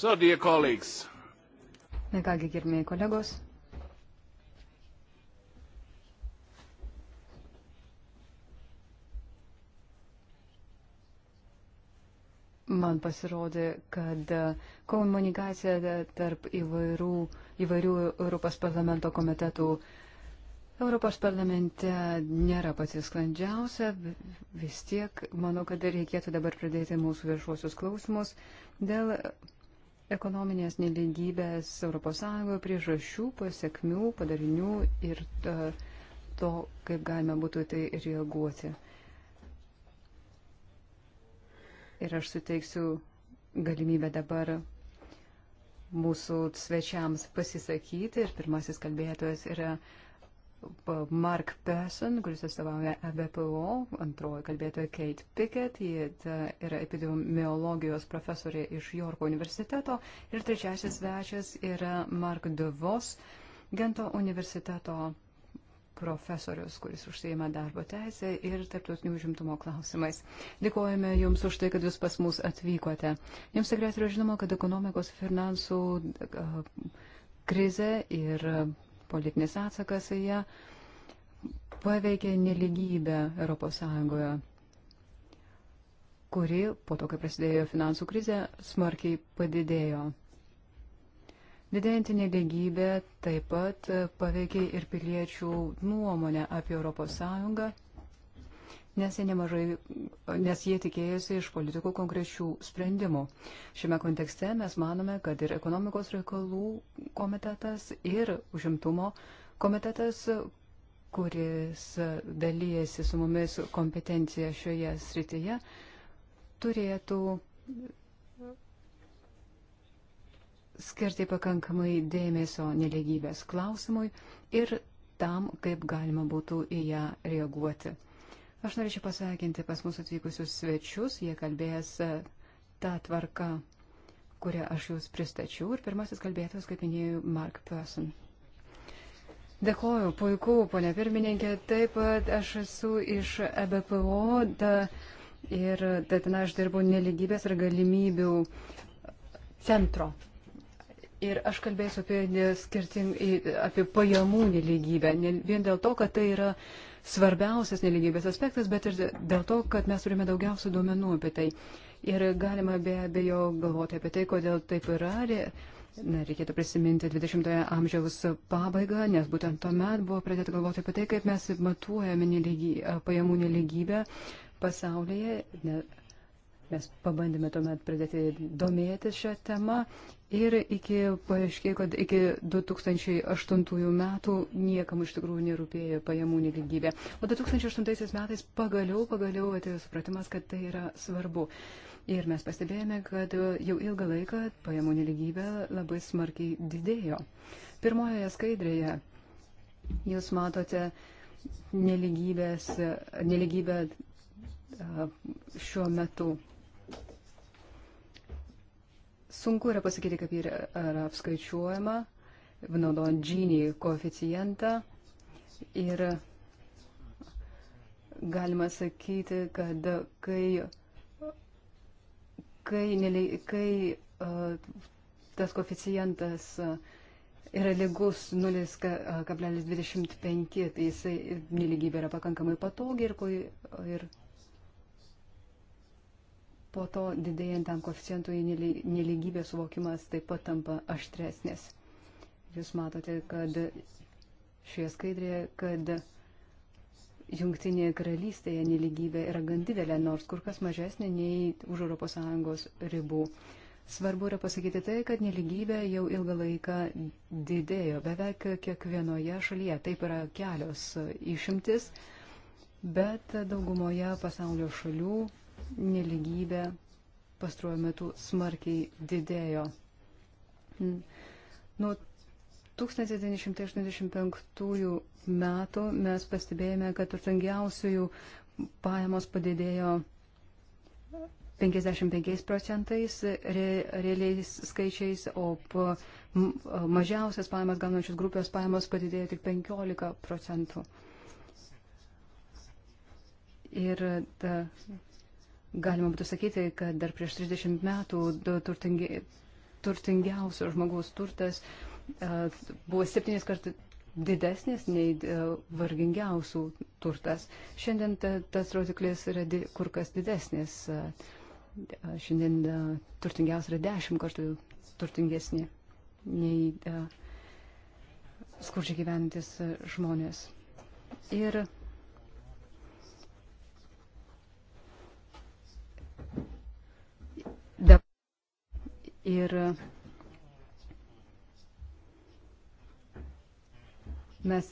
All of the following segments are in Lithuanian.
So, dear colleagues. Na kągi, gerbėjai kolegos. Man pasirodė, kad komunikacija tarp įvairių, įvairių Europos parlamento komitetų Europos parlamente nėra pati sklandžiausia, vis tiek manau, kad reikėtų dabar pradėti mūsų viešuosius klausimus dėl ekonominės nelygybės ES priežasčių, pasiekmių, padarinių ir e, to, kaip galima būtų tai reaguoti. Ir aš suteiksiu galimybę dabar mūsų svečiams pasisakyti. Ir pirmasis kalbėtojas yra uh, Mark Persson, kuris atstovauja ABPO, e antroji kalbėtoja Kate Pickett, ji e, yra epidemiologijos profesorė iš Jorko universiteto ir trečiasis svečias yra Mark DeVos, Gento universiteto profesorius, kuris užsieima darbo teisę ir tarptautinių užimtumo klausimais. Dėkojame Jums už tai, kad Jūs pas mus atvykote. Jums tikriausiai yra žinoma, kad ekonomikos finansų e, krizė ir politinis atsakas į ją paveikė neligybę ES, kuri po to, kai prasidėjo finansų krizė, smarkiai padidėjo. Didėjantį neligybę taip pat paveikė ir piliečių nuomonę apie ES nes jie, nemažai, nes jie tikėjosi iš politikų konkrečių sprendimų. Šiame kontekste mes manome, kad ir ekonomikos reikalų komitetas, ir užimtumo komitetas, kuris dalyjasi su mumis kompetencija šioje srityje, turėtų skirti pakankamai dėmesio neligybės klausimui ir tam, kaip galima būtų į ją reaguoti. Aš norėčiau pasveikinti pas mūsų atvykusius svečius, jie kalbės e, tą tvarką, kurią aš jūs pristačiau ir pirmasis kalbėtojas, kaip minėjau, Mark Person. Dėkoju, puiku, ponia pirmininkė, taip pat e, aš esu iš EBPO da, ir ten aš dirbu neligybės ir galimybių centro. Ir aš kalbėsiu apie, skirting, apie pajamų neligybę, ne vien dėl to, kad tai yra svarbiausias neligybės aspektas, bet ir dėl to, kad mes turime daugiausių duomenų apie tai. Ir galima be abejo galvoti apie tai, kodėl taip yra. Na, reikėtų prisiminti 20-ojo amžiaus pabaigą, nes būtent tuomet buvo pradėta galvoti apie tai, kaip mes matuojame neligi, pajamų neligybę pasaulyje. Ne, Mes pabandėme tuomet pradėti domėtis šią temą ir iki, paaiškėjo, kad iki 2008 metų niekam iš tikrųjų nerūpėjo pajamų neligybė. O 2008 metais pagaliau, pagaliau atėjo supratimas, kad tai yra svarbu. Ir mes pastebėjome, kad jau ilgą laiką pajamų neligybė labai smarkiai didėjo. Pirmojoje skaidrėje jūs matote neligybę šiuo metu sunku yra pasakyti, kaip yra, yra apskaičiuojama, naudojant džinį koeficientą. Ir galima sakyti, kad kai, kai, kai uh, tas koeficientas uh, yra lygus 0,25, tai jisai nelygybė yra pakankamai patogi ir, ir po to didėjant tam koficientui neligybės suvokimas taip pat tampa aštresnis. Jūs matote, kad šioje skaidrėje, kad Jungtinėje karalystėje neligybė yra gan didelė, nors kur kas mažesnė nei už ES ribų. Svarbu yra pasakyti tai, kad neligybė jau ilgą laiką didėjo beveik kiekvienoje šalyje. Taip yra kelios išimtis, bet daugumoje pasaulio šalių neligybė pastruoju metu smarkiai didėjo. Nuo 1985 metų mes pastebėjome, kad turtingiausiųjų pajamos padidėjo 55 procentais re, realiais skaičiais, o po, mažiausias pajamas gaunančios grupės pajamos padidėjo tik 15 procentų. Ir ta, Galima būtų sakyti, kad dar prieš 30 metų turtingi, turtingiausio žmogaus turtas uh, buvo septynis kartus didesnis nei uh, vargingiausių turtas. Šiandien ta, tas rodiklis yra di, kur kas didesnis. Uh, šiandien uh, turtingiausia yra dešimt kartų turtingesnė nei uh, skurčiai gyvenantis uh, žmonės. Ir uh, Ir mes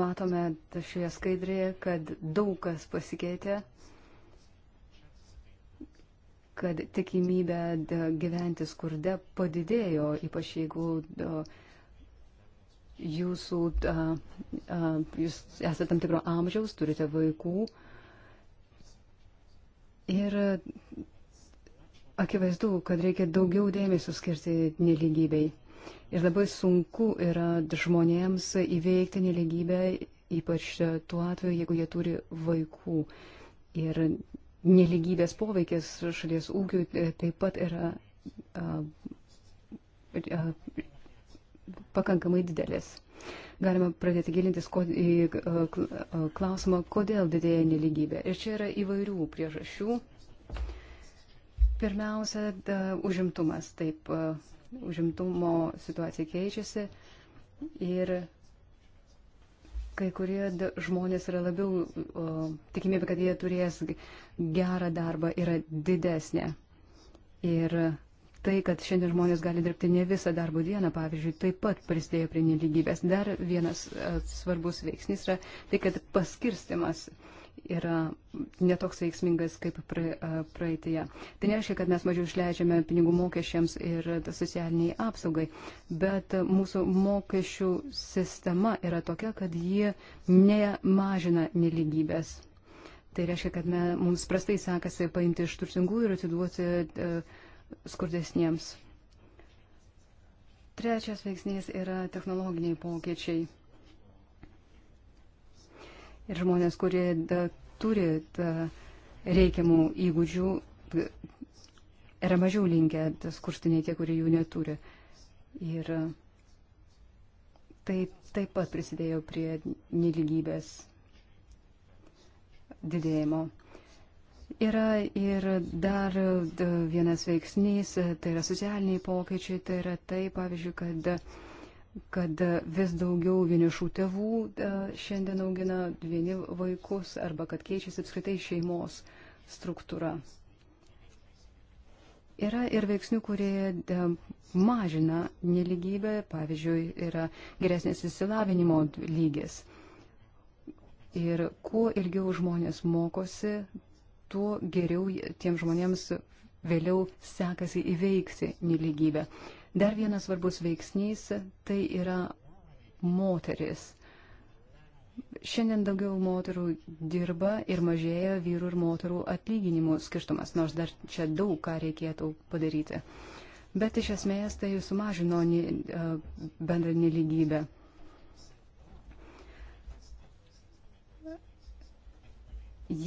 matome šioje skaidrėje, kad daug kas pasikeitė, kad tikimybė gyventi skurde padidėjo, ypač jeigu jūsų, jūs esate tam tikro amžiaus, turite vaikų. Ir akivaizdu, kad reikia daugiau dėmesio skirti neligybei. Ir labai sunku yra žmonėms įveikti neligybę, ypač tuo atveju, jeigu jie turi vaikų. Ir neligybės poveikis šalies ūkiui e, taip pat yra a, a, pakankamai didelis. Galima pradėti gilintis kod, į klausimą, kodėl didėja neligybė. Ir čia yra įvairių priežasčių. Pirmiausia, da, užimtumas. Taip, užimtumo situacija keičiasi ir kai kurie da, žmonės yra labiau, o, tikimybė, kad jie turės gerą darbą, yra didesnė. Ir tai, kad šiandien žmonės gali dirbti ne visą darbo dieną, pavyzdžiui, taip pat prisidėjo prie neligybės. Dar vienas a, svarbus veiksnys yra tai, kad paskirstimas. A, yra netoks veiksmingas kaip praeitėje. Tai nereiškia, kad mes mažiau išleidžiame pinigų mokesčiams ir socialiniai apsaugai, bet mūsų mokesčių sistema yra tokia, kad ji nemažina neligybės. Tai reiškia, kad me, mums prastai sekasi paimti iš turtingų ir atiduoti e, skurdesniems. Trečias veiksnys yra technologiniai pokyčiai ir žmonės, kurie da, turi da, reikiamų įgūdžių, yra mažiau linkę skurstiniai tie, kurie jų neturi. Ir e, tai taip pat prisidėjo prie neligybės didėjimo. Yra ir dar vienas veiksnys, tai yra socialiniai pokyčiai, tai yra tai, pavyzdžiui, kad kad vis daugiau vienišų tėvų e, šiandien augina vieni vaikus arba kad keičiasi apskritai šeimos struktūra. Yra ir veiksnių, kurie e, mažina neligybę, pavyzdžiui, yra geresnės įsilavinimo lygis. Ir kuo ilgiau žmonės mokosi, tuo geriau tiem žmonėms vėliau sekasi įveikti neligybę. Dar vienas svarbus veiksnys tai yra moteris. Šiandien daugiau moterų dirba ir mažėja vyrų ir moterų atlyginimų skirtumas, nors dar čia daug ką reikėtų padaryti. Bet iš esmės tai sumažino bendrą neligybę.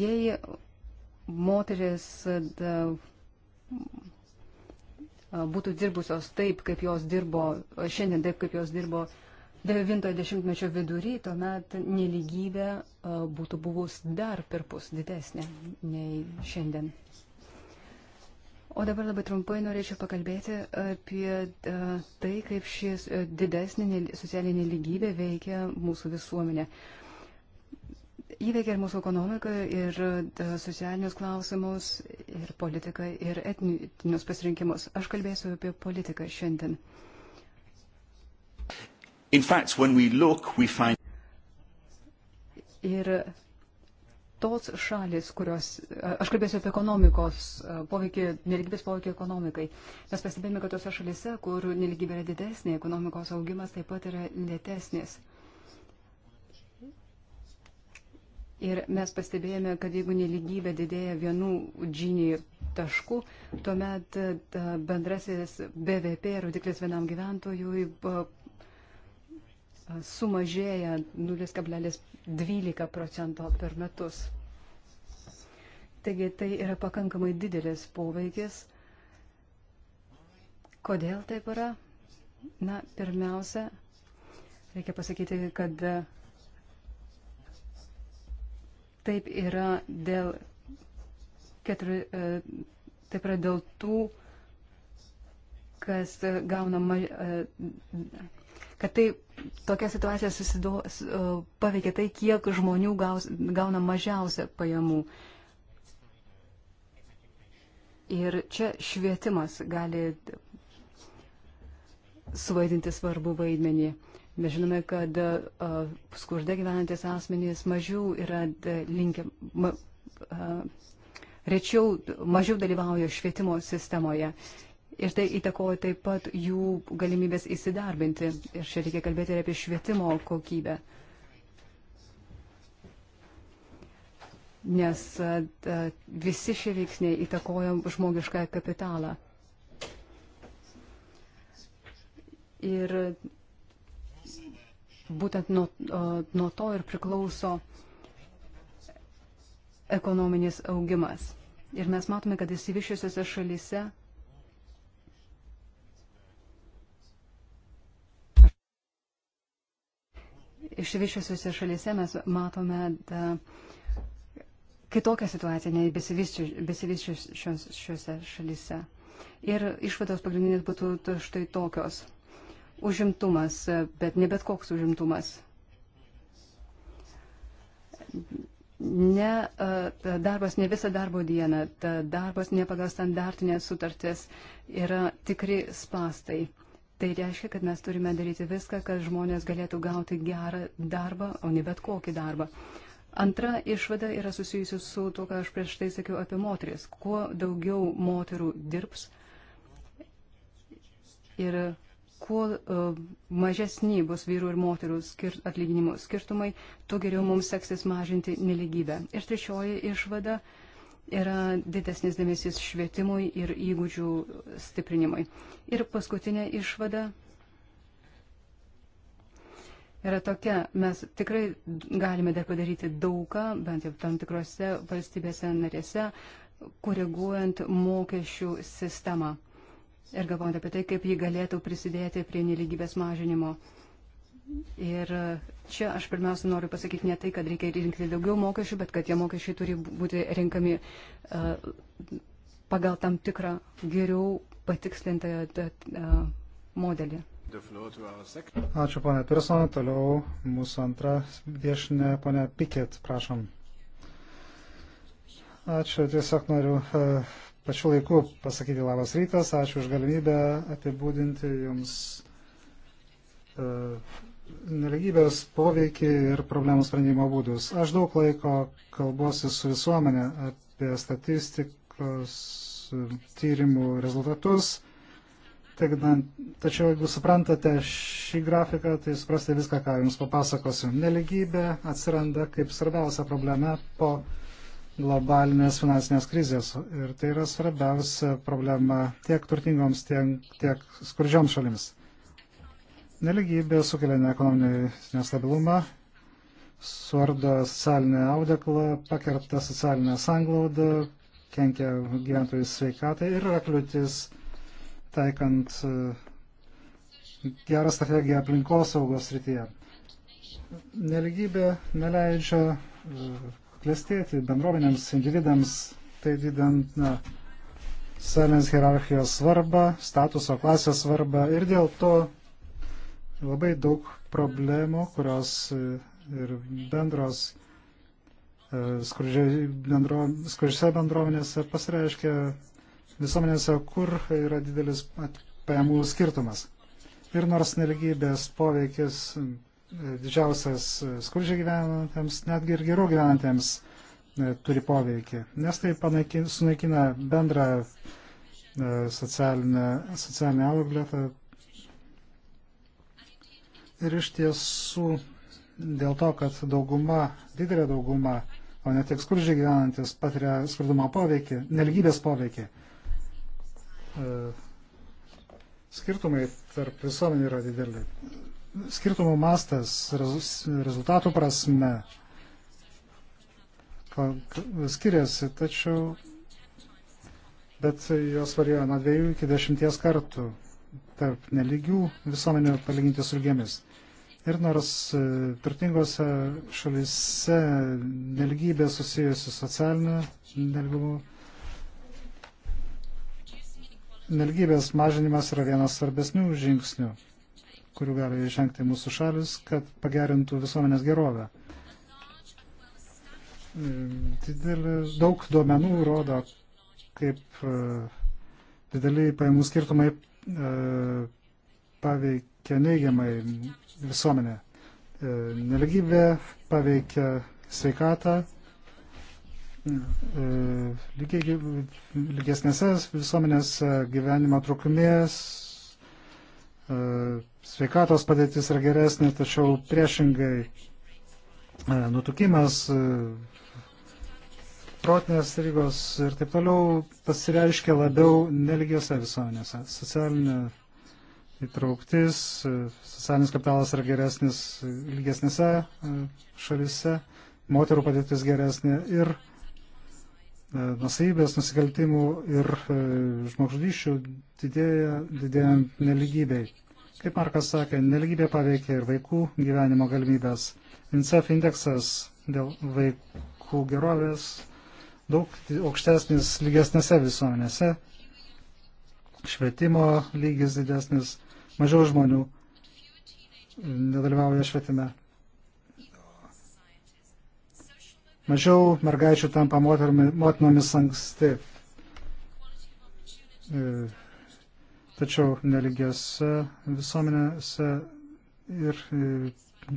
Jei moteris da, būtų dirbusios taip, kaip jos dirbo šiandien, taip, kaip jos dirbo 90-mečio vidury, tuomet neligybė būtų buvus dar perpus didesnė nei šiandien. O dabar labai trumpai norėčiau pakalbėti apie tai, kaip šis didesnė socialinė lygybė veikia mūsų visuomenė įveikia ir mūsų ekonomiką, ir e, socialinius klausimus, ir politiką, ir etinius pasirinkimus. Aš kalbėsiu apie politiką šiandien. In fact, look, find... Ir tos šalis, kurios, e, aš kalbėsiu apie ekonomikos e, poveikį, neligybės poveikį ekonomikai. Mes pastebėjome, kad tose šalise, kur neligybė yra didesnė, ekonomikos augimas taip pat yra lėtesnis. Ir mes pastebėjome, kad jeigu neligybė didėja vienų džinį taškų, tuomet e, bendrasis BVP rodiklis vienam gyventojui e, sumažėja 0,12 procento per metus. Taigi tai yra pakankamai didelis poveikis. Kodėl taip yra? Na, pirmiausia, reikia pasakyti, kad Taip yra dėl, keturi, e, taip yra dėl tų, kas gauna maž, e, kad tai tokia situacija susido, e, paveikia tai, kiek žmonių gaus, gauna mažiausią pajamų. Ir čia švietimas gali suvaidinti svarbų vaidmenį. Mes žinome, kad skurde gyvenantis asmenys mažiau yra e, linkę, ma, rečiau, mažiau dalyvauja švietimo sistemoje. Ir tai įtakoja taip pat jų galimybės įsidarbinti. Ir čia reikia kalbėti ir apie švietimo kokybę. Nes visi šie veiksniai įtakoja žmogišką kapitalą. Ir būtent nuo, nuo to ir priklauso ekonominis augimas. Ir mes matome, kad įsivyšiusiuose šalyse Išsivyščiusiuose šalyse mes matome da, kitokią situaciją nei besivyščiuose šalyse. Ir išvados pagrindinės būtų štai tokios užimtumas, bet ne bet koks užimtumas. Ne e, darbas ne visą darbo dieną, darbas ne pagal standartinės sutartis yra tikri spastai. Tai reiškia, kad mes turime daryti viską, kad žmonės galėtų gauti gerą darbą, o ne bet kokį darbą. Antra išvada yra susijusi su to, ką aš prieš tai sakiau apie moteris. Kuo daugiau moterų dirbs ir kuo uh, mažesni bus vyrų ir moterų skir atlyginimų skirtumai, tuo geriau mums seksis mažinti neligybę. Ir trečioji išvada yra didesnis dėmesys švietimui ir įgūdžių stiprinimui. Ir paskutinė išvada yra tokia, mes tikrai galime dar padaryti daugą, bent jau tam tikrose valstybėse narėse, koreguojant mokesčių sistemą ir galvojant apie tai, kaip ji galėtų prisidėti prie neligybės mažinimo. Ir čia aš pirmiausia noriu pasakyti ne tai, kad reikia rinkti daugiau mokesčių, bet kad tie mokesčiai turi būti renkami uh, pagal tam tikrą geriau patikslintą uh, modelį. Ačiū, ponė Pirson. Toliau mūsų antra viešinė, ponė Pikit, prašom. Ačiū, tiesiog noriu uh, pačiu laiku pasakyti labas rytas, ačiū už galimybę apibūdinti jums e, neligybės poveikį ir problemų sprendimo būdus. Aš daug laiko kalbuosi su visuomenė apie statistikos tyrimų rezultatus. Tačiau jeigu suprantate šį grafiką, tai suprastate viską, ką jums papasakosiu. Neligybė atsiranda kaip svarbiausia problema po globalinės finansinės krizės. Ir tai yra svarbiausia problema tiek turtingoms, tiek, tiek skurdžioms šalims. Neligybė sukelia ekonominį nestabilumą, suardo socialinę audeklą, pakerta socialinę sanglaudą, kenkia gyventojų sveikatai ir yra kliūtis taikant e, gerą strategiją aplinkosaugos rytyje. Neligybė neleidžia e, klestėti bendruomenėms, individams, tai didant na, salės hierarchijos svarbą, statuso klasės svarbą ir dėl to labai daug problemų, kurios e, ir bendros e, skurdžiose bendruomenėse pasireiškia visuomenėse, kur yra didelis pajamų skirtumas. Ir nors nelygybės poveikis didžiausias e, skurdžiai gyvenantiems, netgi ir geriau gyvenantiems e, turi poveikį, nes tai panaikin, sunaikina bendrą e, socialinę, socialinę auglėtą. Ir iš tiesų dėl to, kad dauguma, didelė dauguma, o ne tik skurdžiai gyvenantis patiria skurdumo poveikį, nelgybės poveikį. Skirtumai tarp visuomenių yra dideli skirtumų mastas rezultatų prasme skiriasi, tačiau bet jos varijuoja nuo dviejų iki dešimties kartų tarp neligių visuomenių palyginti su lygiomis. Ir nors e, turtingose šalise nelygybė susijusi socialiniu nelygumu, nelygybės mažinimas yra vienas svarbesnių žingsnių kurių gali išvengti mūsų šalis, kad pagerintų visuomenės gerovę. Didelis, daug duomenų rodo, kaip e, dideliai pajamų skirtumai e, paveikia neigiamai visuomenę. E, neligybė paveikia sveikatą. Lygiai, lygesnėse visuomenės gyvenimo trukmės E, sveikatos padėtis yra geresnė, tačiau priešingai e, nutukimas, e, protinės rygos ir taip toliau pasireiškia labiau neligiose visuomenėse. Socialinė įtrauktis, socialinis kapitalas yra geresnis lygesnėse šalise, moterų padėtis geresnė ir E, nusaibės nusikaltimų ir e, žmogžudyščių didėja, didėjant neligybei. Kaip Markas sakė, neligybė paveikia ir vaikų gyvenimo galimybės. INCEF indeksas dėl vaikų gerovės daug aukštesnis lygesnėse visuomenėse, švietimo lygis didesnis, mažiau žmonių nedalyvauja švietime. Mažiau mergaičių tampa motinomis anksti. E, tačiau neligiose visuomenėse ir e,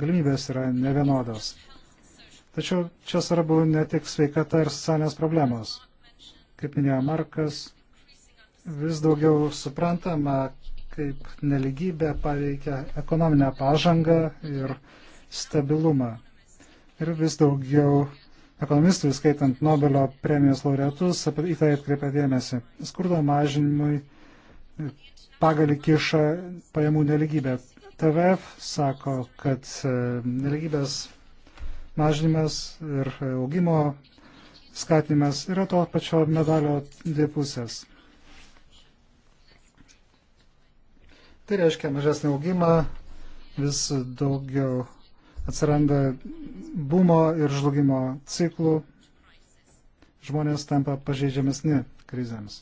galimybės yra nevienodos. Tačiau čia svarbu ne tik sveikata ir socialinės problemos. Kaip minėjo Markas, vis daugiau suprantama, kaip neligybė paveikia ekonominę pažangą ir stabilumą. Ir vis daugiau ekonomistų, skaitant Nobelio premijos laureatus, į tai atkreipia dėmesį. Skurdo mažinimui pagalį kiša pajamų neligybė. TVF sako, kad e, neligybės mažinimas ir augimo skatinimas yra to pačio medalio dvi pusės. Tai reiškia mažesnį augimą, vis daugiau atsiranda bumo ir žlugimo ciklų, žmonės tampa pažeidžiamesni krizėms.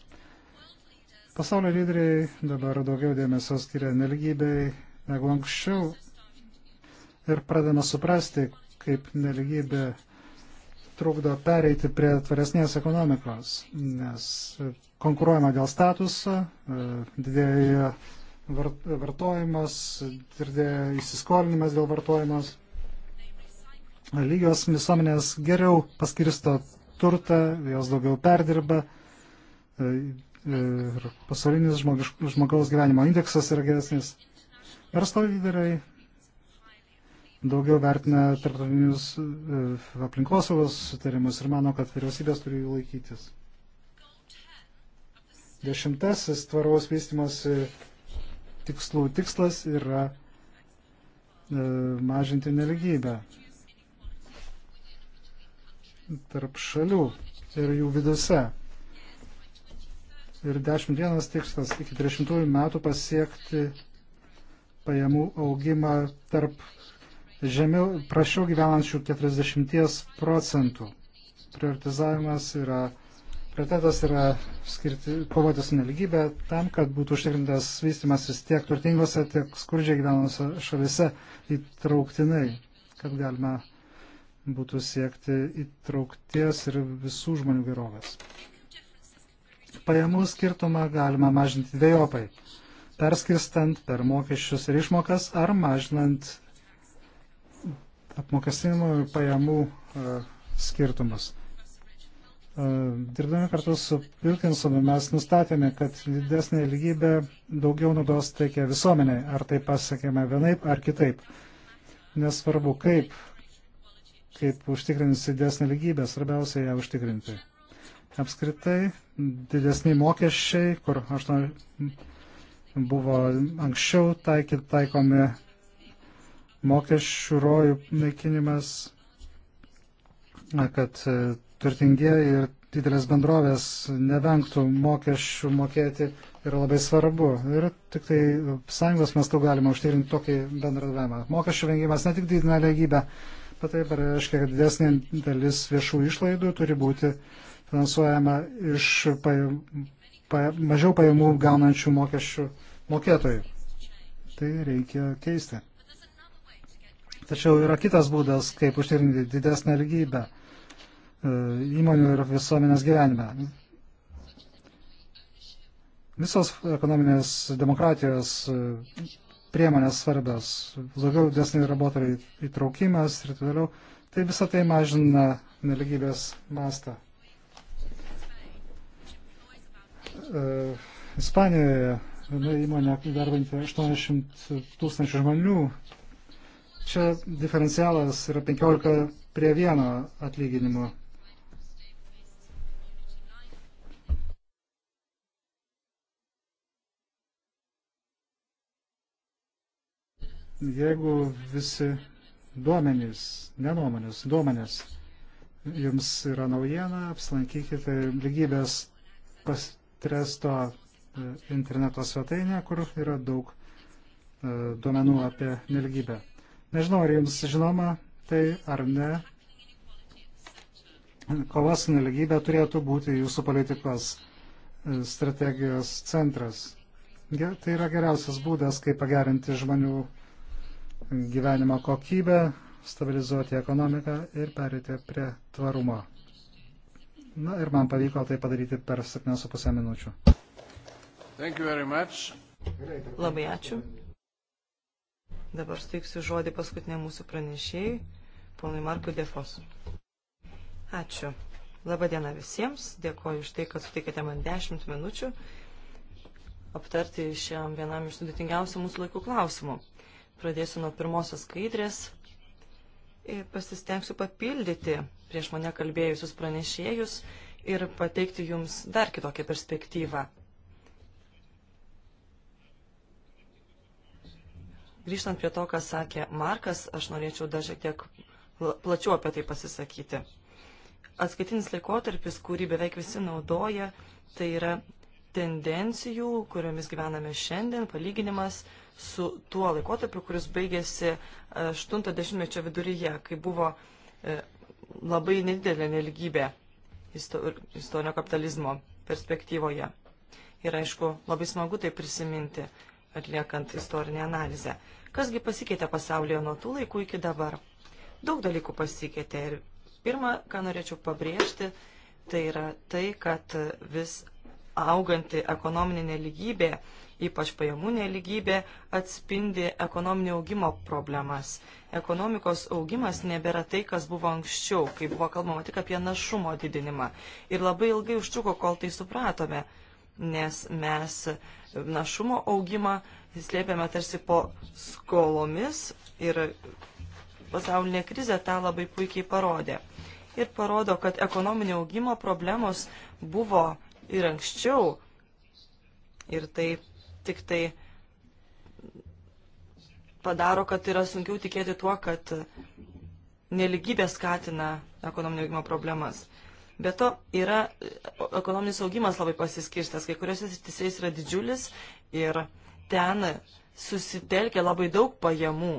Pasaulio lyderiai dabar daugiau dėmesio skiria neligybei negu anksčiau ir pradame suprasti, kaip neligybė trukdo pereiti prie tvaresnės ekonomikos, nes konkuruojama dėl statuso, didėja vartojimas, didėja įsiskolinimas dėl vartojimas. Lygios visuomenės geriau paskirsto turtą, jos daugiau perdirba e, e, ir pasaulinis žmogaus gyvenimo indeksas yra geresnis. Verslo lyderiai daugiau vertina tarptautinius e, aplinkosaugos sutarimus ir mano, kad vyriausybės turi jų laikytis. Dešimtasis tvaraus vystimosi tikslų tikslas yra mažinti neligybę tarp šalių ir jų viduse. Ir 10 dienas tikslas iki 30 metų pasiekti pajamų augimą tarp žemiau, prašiau gyvenančių 40 procentų. Prioritizavimas yra, prioritetas yra skirti, kovoti su neligybė tam, kad būtų užtikrintas vystimasis tiek turtingose, tiek skurdžiai gyvenose šalise įtrauktinai, kad galima būtų siekti įtraukties ir visų žmonių gerovės. Pajamų skirtumą galima mažinti dviejopai - perskirstant per mokesčius ir išmokas ar mažinant apmokestinimo ir pajamų uh, skirtumus. Uh, dirbdami kartu su Wilkinsonu mes nustatėme, kad didesnė lygybė daugiau naudos teikia visuomeniai, ar tai pasiekėme vienaip ar kitaip. Nesvarbu kaip, kaip užtikrinti didesnį lygybę, svarbiausia ją užtikrinti. Apskritai, didesni mokesčiai, kur aš noriu, buvo anksčiau taikyt, taikomi mokesčių rojų naikinimas, kad e, turtingieji ir didelės bendrovės nevengtų mokesčių mokėti yra labai svarbu. Ir tik tai sąjungos mastu galima užtikrinti tokį bendradavimą. Mokesčių vengimas ne tik didina lygybę, tai reiškia, kad didesnė dalis viešų išlaidų turi būti finansuojama iš pa, pa, mažiau pajamų gaunančių mokesčių mokėtojų. Tai reikia keisti. Tačiau yra kitas būdas, kaip užtikrinti didesnę lygybę e, įmonių ir visuomenės gyvenime. Visos ekonominės demokratijos priemonės svarbios, daugiau desnį darbuotojų įtraukimas ir taip toliau. Tai visą tai mažina neligybės mastą. Uh, Ispanijoje viena įmonė darbantį 80 tūkstančių žmonių. Čia diferencialas yra 15 prie vieno atlyginimo. Jeigu visi duomenys, nenuomonės, duomenės jums yra naujiena, apsilankykite lygybės pastresto e, interneto svetainę, kur yra daug e, duomenų apie nelygybę. Nežinau, ar jums žinoma tai ar ne. Kova su nelygybė turėtų būti jūsų politikos e, strategijos centras. Tai yra geriausias būdas, kaip pagerinti žmonių gyvenimo kokybę, stabilizuoti ekonomiką ir perėti prie tvarumo. Na ir man pavyko tai padaryti per 7,5 minučių. Labai ačiū. Dabar steiksiu žodį paskutinė mūsų pranešėjai, ponui Markui Defos. Ačiū. Labadiena visiems. Dėkoju už tai, kad suteikėte man 10 minučių aptarti šiam vienam iš sudėtingiausių mūsų laikų klausimų. Pradėsiu nuo pirmosios skaidrės ir pasistengsiu papildyti prieš mane kalbėjusius pranešėjus ir pateikti jums dar kitokią perspektyvą. Grįžtant prie to, ką sakė Markas, aš norėčiau dar šiek tiek plačiau apie tai pasisakyti. Atskaitinis laikotarpis, kurį beveik visi naudoja, tai yra tendencijų, kuriomis gyvename šiandien, palyginimas su tuo laikotarpiu, kuris baigėsi 80-mečio e, viduryje, kai buvo e, labai nedidelė neligybė istorinio kapitalizmo perspektyvoje. Ir aišku, labai smagu tai prisiminti, atliekant istorinę analizę. Kasgi pasikeitė pasaulyje nuo tų laikų iki dabar? Daug dalykų pasikeitė ir pirma, ką norėčiau pabrėžti, tai yra tai, kad vis auganti ekonominė neligybė ypač pajamų neligybė, atspindi ekonominio augimo problemas. Ekonomikos augimas nebėra tai, kas buvo anksčiau, kai buvo kalbama tik apie našumo didinimą. Ir labai ilgai užtruko, kol tai supratome, nes mes našumo augimą slėpėme tarsi po skolomis ir pasaulinė krizė tą labai puikiai parodė. Ir parodo, kad ekonominio augimo problemos buvo ir anksčiau. Ir tai tik tai padaro, kad yra sunkiau tikėti tuo, kad neligybė skatina ekonominio augimo problemas. Be to, yra ekonominis augimas labai pasiskirstas, kai kuriuose srityse jis yra didžiulis ir ten susitelkia labai daug pajamų.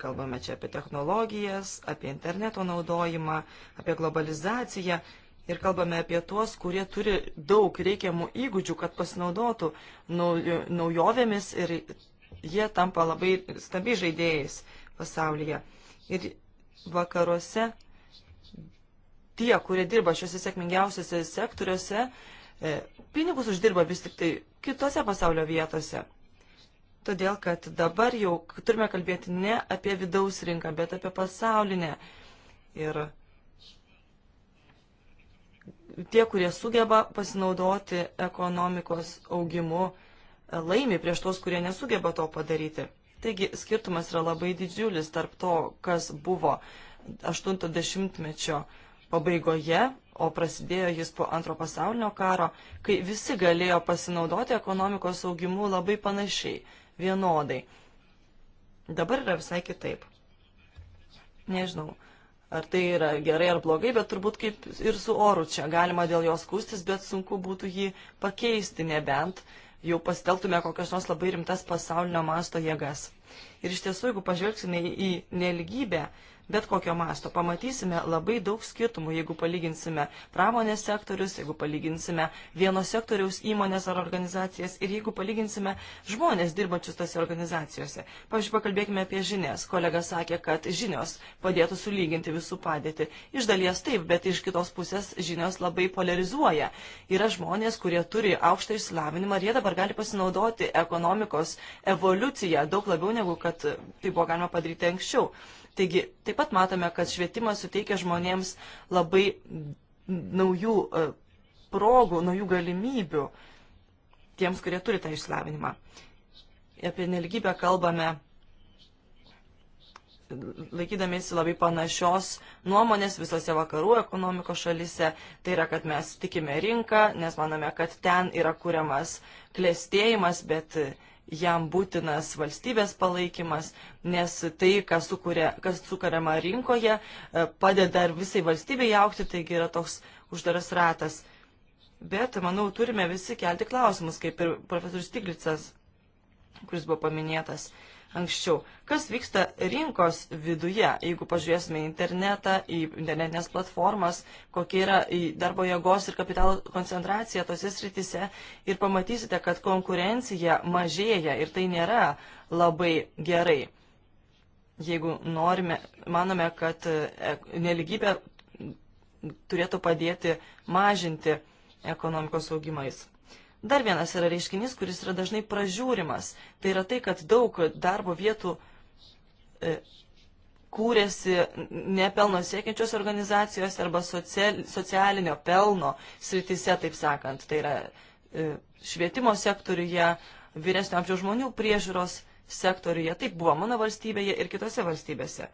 Kalbame čia apie technologijas, apie interneto naudojimą, apie globalizaciją ir kalbame apie tuos, kurie turi daug reikiamų įgūdžių, kad pasinaudotų naujovėmis ir jie tampa labai stabi žaidėjais pasaulyje. Ir vakaruose tie, kurie dirba šiuose sėkmingiausiuose sektoriuose, e, pinigus uždirba vis tik tai kitose pasaulio vietose. Todėl, kad dabar jau turime kalbėti ne apie vidaus rinką, bet apie pasaulinę. Ir tie, kurie sugeba pasinaudoti ekonomikos augimu, e, laimi prieš tos, kurie nesugeba to padaryti. Taigi skirtumas yra labai didžiulis tarp to, kas buvo 80-mečio pabaigoje, o prasidėjo jis po antro pasaulinio karo, kai visi galėjo pasinaudoti ekonomikos augimu labai panašiai, vienodai. Dabar yra visai kitaip. Nežinau ar tai yra gerai ar blogai, bet turbūt kaip ir su oru čia galima dėl jos skūstis, bet sunku būtų jį pakeisti, nebent jau pasiteltume kokias nors labai rimtas pasaulinio masto jėgas. Ir iš tiesų, jeigu pažvelgsime į neligybę, bet kokio masto. Pamatysime labai daug skirtumų, jeigu palyginsime pramonės sektorius, jeigu palyginsime vieno sektoriaus įmonės ar organizacijas ir jeigu palyginsime žmonės dirbančius tose organizacijose. Pavyzdžiui, pakalbėkime apie žinias. Kolega sakė, kad žinios padėtų sulyginti visų padėtį. Iš dalies taip, bet iš kitos pusės žinios labai polarizuoja. Yra žmonės, kurie turi aukštą išsilavinimą ir jie dabar gali pasinaudoti ekonomikos evoliuciją daug labiau negu kad tai buvo galima padaryti anksčiau. Taigi, taip pat matome, kad švietimas suteikia žmonėms labai naujų e, progų, naujų galimybių tiems, kurie turi tą išslavinimą. Apie neligybę kalbame laikydamėsi labai panašios nuomonės visose vakarų ekonomikos šalise. Tai yra, kad mes tikime rinką, nes manome, kad ten yra kuriamas klėstėjimas, bet uh, jam būtinas valstybės palaikymas, nes tai, kas, sukuria, kas sukariama rinkoje, e, padeda ir visai valstybei aukti, taigi yra toks uždaras ratas. Bet, manau, turime visi kelti klausimus, kaip ir profesorius Stiglicas, kuris buvo paminėtas. Uh, anksčiau. Kas vyksta rinkos viduje, jeigu pažiūrėsime į internetą, į internetinės platformas, kokia yra darbo jėgos ir kapitalo koncentracija tose sritise ir pamatysite, kad konkurencija mažėja ir tai nėra labai gerai. Jeigu norime, manome, kad e, neligybė turėtų padėti mažinti ekonomikos augimais. Dar vienas yra reiškinys, kuris yra dažnai pražiūrimas. Tai yra tai, kad daug darbo vietų e, kūrėsi nepelno siekiančios organizacijos arba socialinio pelno sritise, taip sakant. Tai yra e, švietimo sektoriuje, vyresnio amžiaus žmonių priežiūros sektoriuje. Taip buvo mano valstybėje ir kitose valstybėse.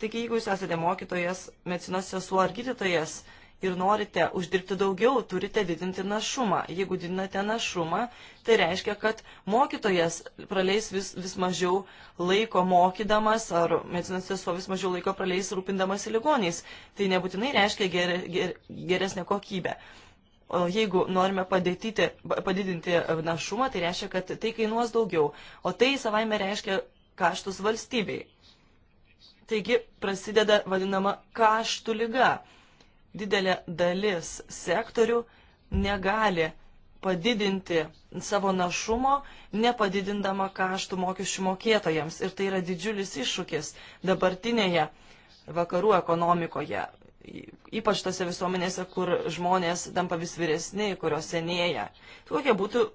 Taigi, jeigu jūs esate mokytojas, medicinos sesuo ar gydytojas, ir norite uždirbti daugiau, turite didinti našumą. Jeigu didinate našumą, tai reiškia, kad mokytojas praleis vis, vis mažiau laiko mokydamas ar medicinos sesuo vis mažiau laiko praleis rūpindamas į ligoniais. Tai nebūtinai reiškia ger, ger, geresnę kokybę. O jeigu norime padėtyti, padidinti našumą, tai reiškia, kad tai kainuos daugiau. O tai savaime reiškia kaštus valstybei. Taigi prasideda vadinama kaštų lyga didelė dalis sektorių negali padidinti savo našumo, nepadidindama kaštų mokesčių mokėtojams. Ir tai yra didžiulis iššūkis dabartinėje vakarų ekonomikoje, ypač tose visuomenėse, kur žmonės tampa vis vyresni, kurios senėja. Tai kokia būtų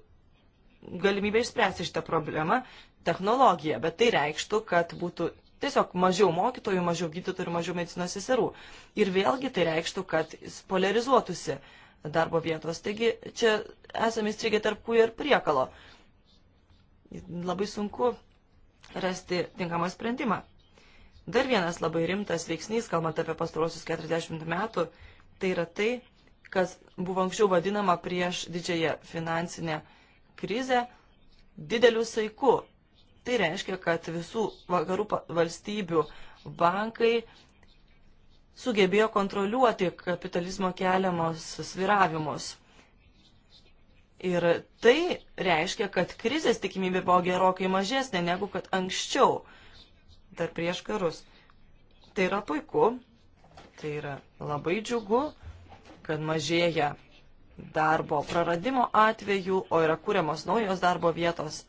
galimybė išspręsti šitą problemą? Technologija, bet tai reikštų, kad būtų tiesiog mažiau mokytojų, mažiau gydytojų ir mažiau medicinos seserų. Ir vėlgi tai reikštų, kad polarizuotųsi darbo vietos. Taigi čia esame įstrigę tarp kūjo ir priekalo. Labai sunku rasti tinkamą sprendimą. Dar vienas labai rimtas veiksnys, kalbant apie pastarosius 40 metų, tai yra tai, kas buvo anksčiau vadinama prieš didžiąją finansinę krizę dideliu saiku Tai reiškia, kad visų vakarų valstybių bankai sugebėjo kontroliuoti kapitalizmo keliamos sviravimus. Ir tai reiškia, kad krizės tikimybė buvo gerokai mažesnė negu kad anksčiau, dar prieš karus. Tai yra puiku, tai yra labai džiugu, kad mažėja darbo praradimo atvejų, o yra kūriamos naujos darbo vietos.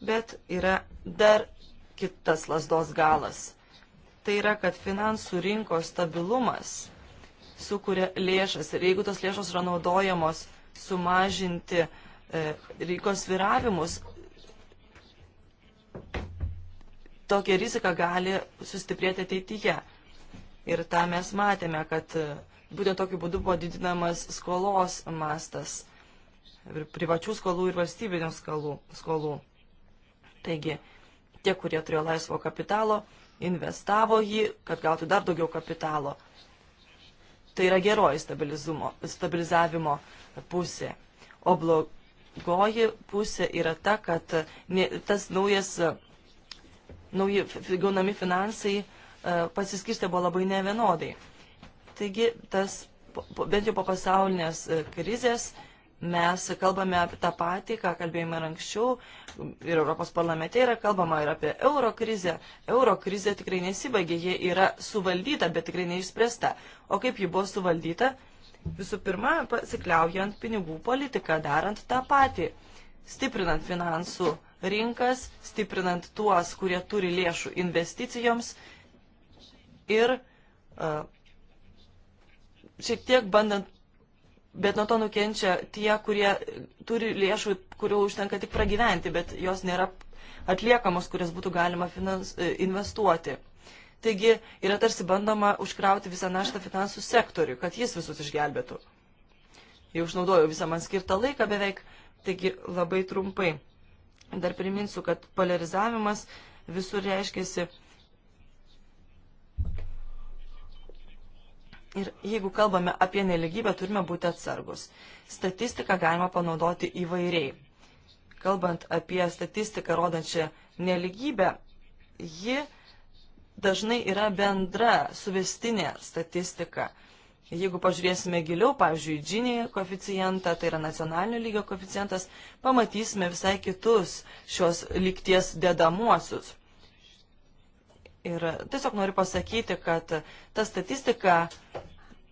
Bet yra dar kitas lasdos galas. Tai yra, kad finansų rinkos stabilumas sukuria lėšas ir jeigu tos lėšos yra naudojamos sumažinti e, rinkos viravimus, tokia rizika gali sustiprėti ateityje. Ir tą mes matėme, kad e, būtent tokiu būdu buvo didinamas skolos mastas privačių skolų ir valstybinių skolų. skolų. Taigi, tie, kurie turėjo laisvo kapitalo, investavo jį, kad gautų dar daugiau kapitalo. Tai yra geroji stabilizavimo pusė. O blogoji pusė yra ta, kad tas naujas, nauji gaunami finansai e, pasiskirstė buvo labai nevienodai. Taigi, tas, bent jau po pasaulinės e, krizės, mes kalbame apie tą patį, ką kalbėjome ir anksčiau, ir Europos parlamente yra kalbama ir apie euro krizę. Euro krizė tikrai nesibaigė, ji yra suvaldyta, bet tikrai neišspręsta. O kaip ji buvo suvaldyta? Visų pirma, pasikliaujant pinigų politiką, darant tą patį, stiprinant finansų rinkas, stiprinant tuos, kurie turi lėšų investicijoms ir uh, šiek tiek bandant bet nuo to nukenčia tie, kurie turi lėšų, kurių užtenka tik pragyventi, bet jos nėra atliekamos, kurias būtų galima finans, e, investuoti. Taigi yra tarsi bandoma užkrauti visą naštą finansų sektoriui, kad jis visus išgelbėtų. Jau išnaudojau visą man skirtą laiką beveik, taigi labai trumpai. Dar priminsiu, kad polarizavimas visur reiškėsi Ir jeigu kalbame apie neligybę, turime būti atsargus. Statistiką galima panaudoti įvairiai. Kalbant apie statistiką rodančią neligybę, ji dažnai yra bendra suvestinė statistika. Jeigu pažiūrėsime giliau, pavyzdžiui, džinį koeficientą, tai yra nacionalinio lygio koeficientas, pamatysime visai kitus šios lygties dedamuosius. Ir tiesiog noriu pasakyti, kad ta statistika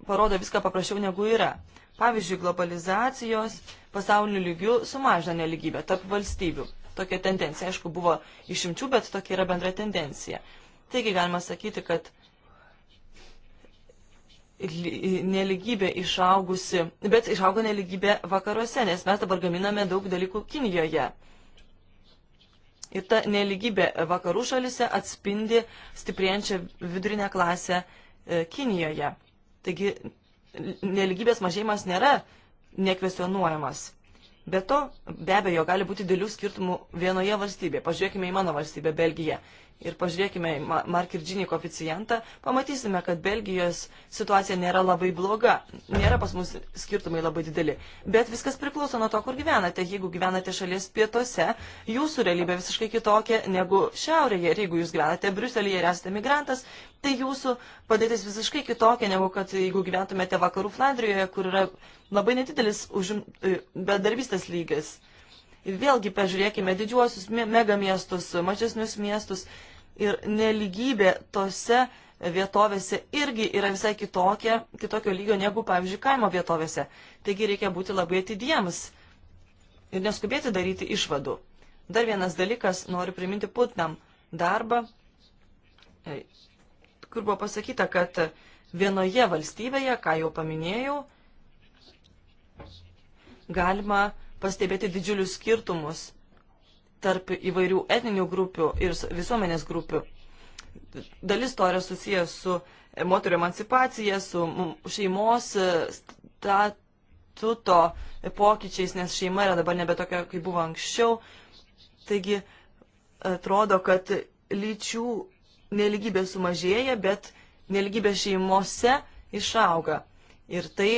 parodo viską paprasčiau negu yra. Pavyzdžiui, globalizacijos pasaulio lygių sumažina neligybę tarp valstybių. Tokia tendencija, aišku, buvo išimčių, bet tokia yra bendra tendencija. Taigi galima sakyti, kad neligybė išaugusi, bet išaugo neligybė vakaruose, nes mes dabar gaminame daug dalykų Kinijoje. Ir ta neligybė vakarų šalise atspindi stiprėjančią vidurinę klasę e, Kinijoje. Taigi neligybės mažėjimas nėra nekvesionuojamas. Be to, be abejo, gali būti dėlių skirtumų vienoje valstybėje. Pažiūrėkime į mano valstybę, Belgiją ir pažiūrėkime Markirdžinį koficijantą, pamatysime, kad Belgijos situacija nėra labai bloga, nėra pas mus skirtumai labai dideli. Bet viskas priklauso nuo to, kur gyvenate. Jeigu gyvenate šalies pietuose, jūsų realybė visiškai kitokia negu šiaurėje. Ir jeigu jūs gyvenate Briuselėje ir esate migrantas, tai jūsų padėtis visiškai kitokia negu kad jeigu gyventumėte vakarų Flandrijoje, kur yra labai nedidelis užim... E, bedarbystės lygis. Vėlgi pažiūrėkime didžiuosius megamiestus, mažesnius miestus ir neligybė tose vietovėse irgi yra visai kitokia, kitokio lygio negu, pavyzdžiui, kaimo vietovėse. Taigi reikia būti labai atidiems ir neskubėti daryti išvadų. Dar vienas dalykas, noriu priminti Putnam darbą, kur buvo pasakyta, kad vienoje valstybėje, ką jau paminėjau, galima pastebėti didžiulius skirtumus tarp įvairių etninių grupių ir visuomenės grupių. Dalis to yra susijęs su e, moterio emancipacija, su šeimos e, statuto e, pokyčiais, nes šeima yra dabar nebe tokia, kaip buvo anksčiau. Taigi atrodo, kad lyčių neligybė sumažėja, bet neligybė šeimose išauga. Ir tai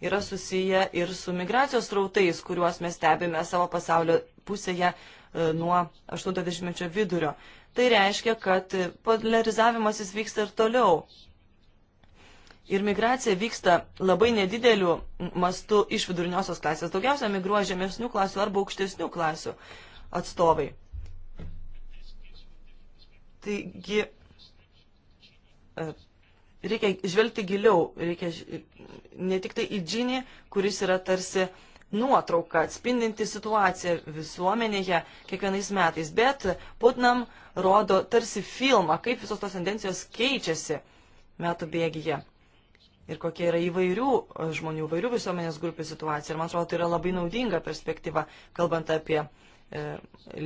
yra susiję ir su migracijos rautais, kuriuos mes stebime savo pasaulio pusėje e, nuo 80-mečio vidurio. Tai reiškia, kad polarizavimas jis vyksta ir toliau. Ir migracija vyksta labai nedideliu mastu iš viduriniosios klasės. Daugiausia migruoja žemesnių klasių arba aukštesnių klasių atstovai. Taigi, e, reikia žvelgti giliau, reikia ne tik tai į džinį, kuris yra tarsi nuotrauka atspindinti situaciją visuomenėje kiekvienais metais, bet Putnam rodo tarsi filmą, kaip visos tos tendencijos keičiasi metų bėgyje ir kokia yra įvairių e, žmonių, įvairių visuomenės grupių situacija. Ir man atrodo, tai yra labai naudinga perspektyva, kalbant apie e,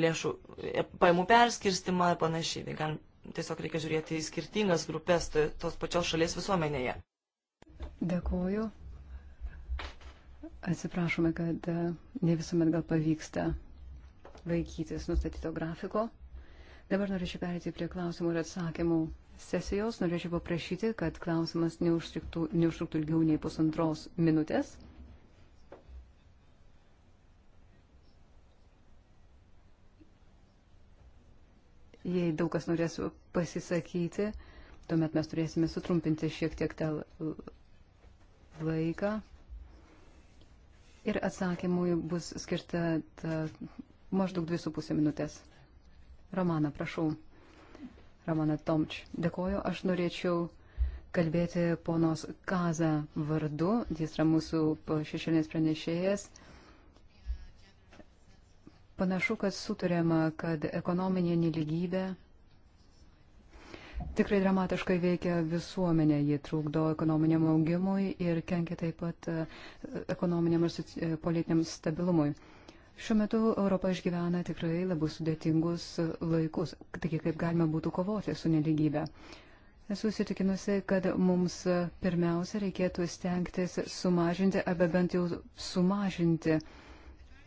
lėšų, e, paimų perskirstimą ir panašiai. Tai galim tiesiog reikia žiūrėti į skirtingas grupės tai tos pačios šalies visuomenėje. Dėkuoju. Atsiprašome, kad e, ne visuomet gal pavyksta laikytis nustatyto grafiko. Dabar norėčiau perėti prie klausimų ir atsakymų sesijos. Norėčiau paprašyti, kad klausimas neužtruktų ilgiau nei pusantros minutės. Jei daug kas norės pasisakyti, tuomet mes turėsime sutrumpinti šiek tiek tą laiką. Ir atsakymui bus skirta ta, maždaug 2,5 minutės. Romana, prašau. Romana Tomč, dėkoju. Aš norėčiau kalbėti ponos Kaza vardu. Jis yra mūsų šešėlės pranešėjas. Panašu, kad sutarėma, kad ekonominė neligybė tikrai dramatiškai veikia visuomenę, ji trukdo ekonominiam augimui ir kenkia taip pat e, ekonominiam ir e, politiniam stabilumui. Šiuo metu Europa išgyvena tikrai labai sudėtingus laikus, taigi kaip galima būtų kovoti su neligybė. Esu įsitikinusi, kad mums pirmiausia reikėtų stengtis sumažinti arba bent jau sumažinti uh,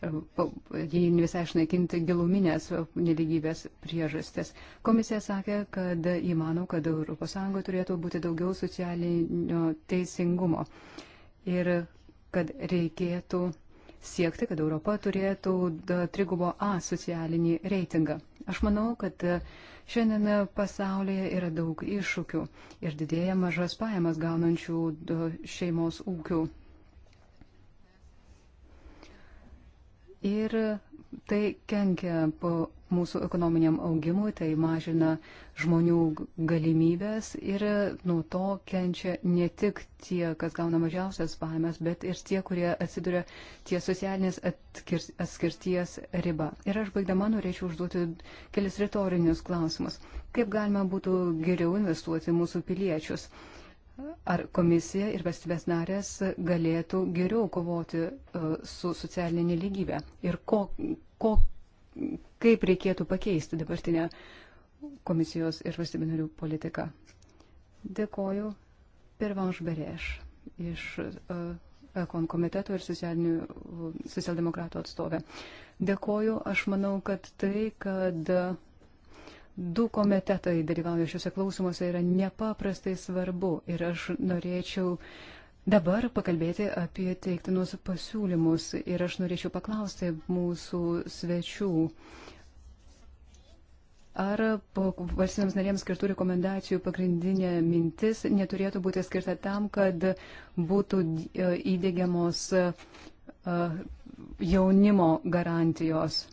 Um, jei visai išnaikinti giluminės neligybės priežastis. Komisija sakė, kad įmano, kad ES turėtų būti daugiau socialinio teisingumo ir kad reikėtų siekti, kad Europa turėtų trigubo A socialinį reitingą. Aš manau, kad šiandien pasaulyje yra daug iššūkių ir didėja mažas pajamas gaunančių šeimos ūkių Ir tai kenkia mūsų ekonominiam augimui, tai mažina žmonių galimybės ir nuo to kenčia ne tik tie, kas gauna mažiausias pajamas, bet ir tie, kurie atsiduria ties socialinės atskirties riba. Ir aš baigdama norėčiau užduoti kelis retorinius klausimus. Kaip galima būtų geriau investuoti mūsų piliečius? ar komisija ir valstybės narės galėtų geriau kovoti e, su socialinė lygybė ir ko, ko, kaip reikėtų pakeisti dabartinę komisijos ir valstybių narių politiką. Dėkoju Pervanš Bereš iš e, Ekon komiteto ir socialdemokratų atstovė. Dėkoju, aš manau, kad tai, kad du komitetai dalyvauja šiuose klausimuose yra nepaprastai svarbu ir aš norėčiau dabar pakalbėti apie teiktinus pasiūlymus ir aš norėčiau paklausti mūsų svečių. Ar valstybėms narėms skirtų rekomendacijų pagrindinė mintis neturėtų būti skirta tam, kad būtų e, įdėgiamos e, jaunimo garantijos?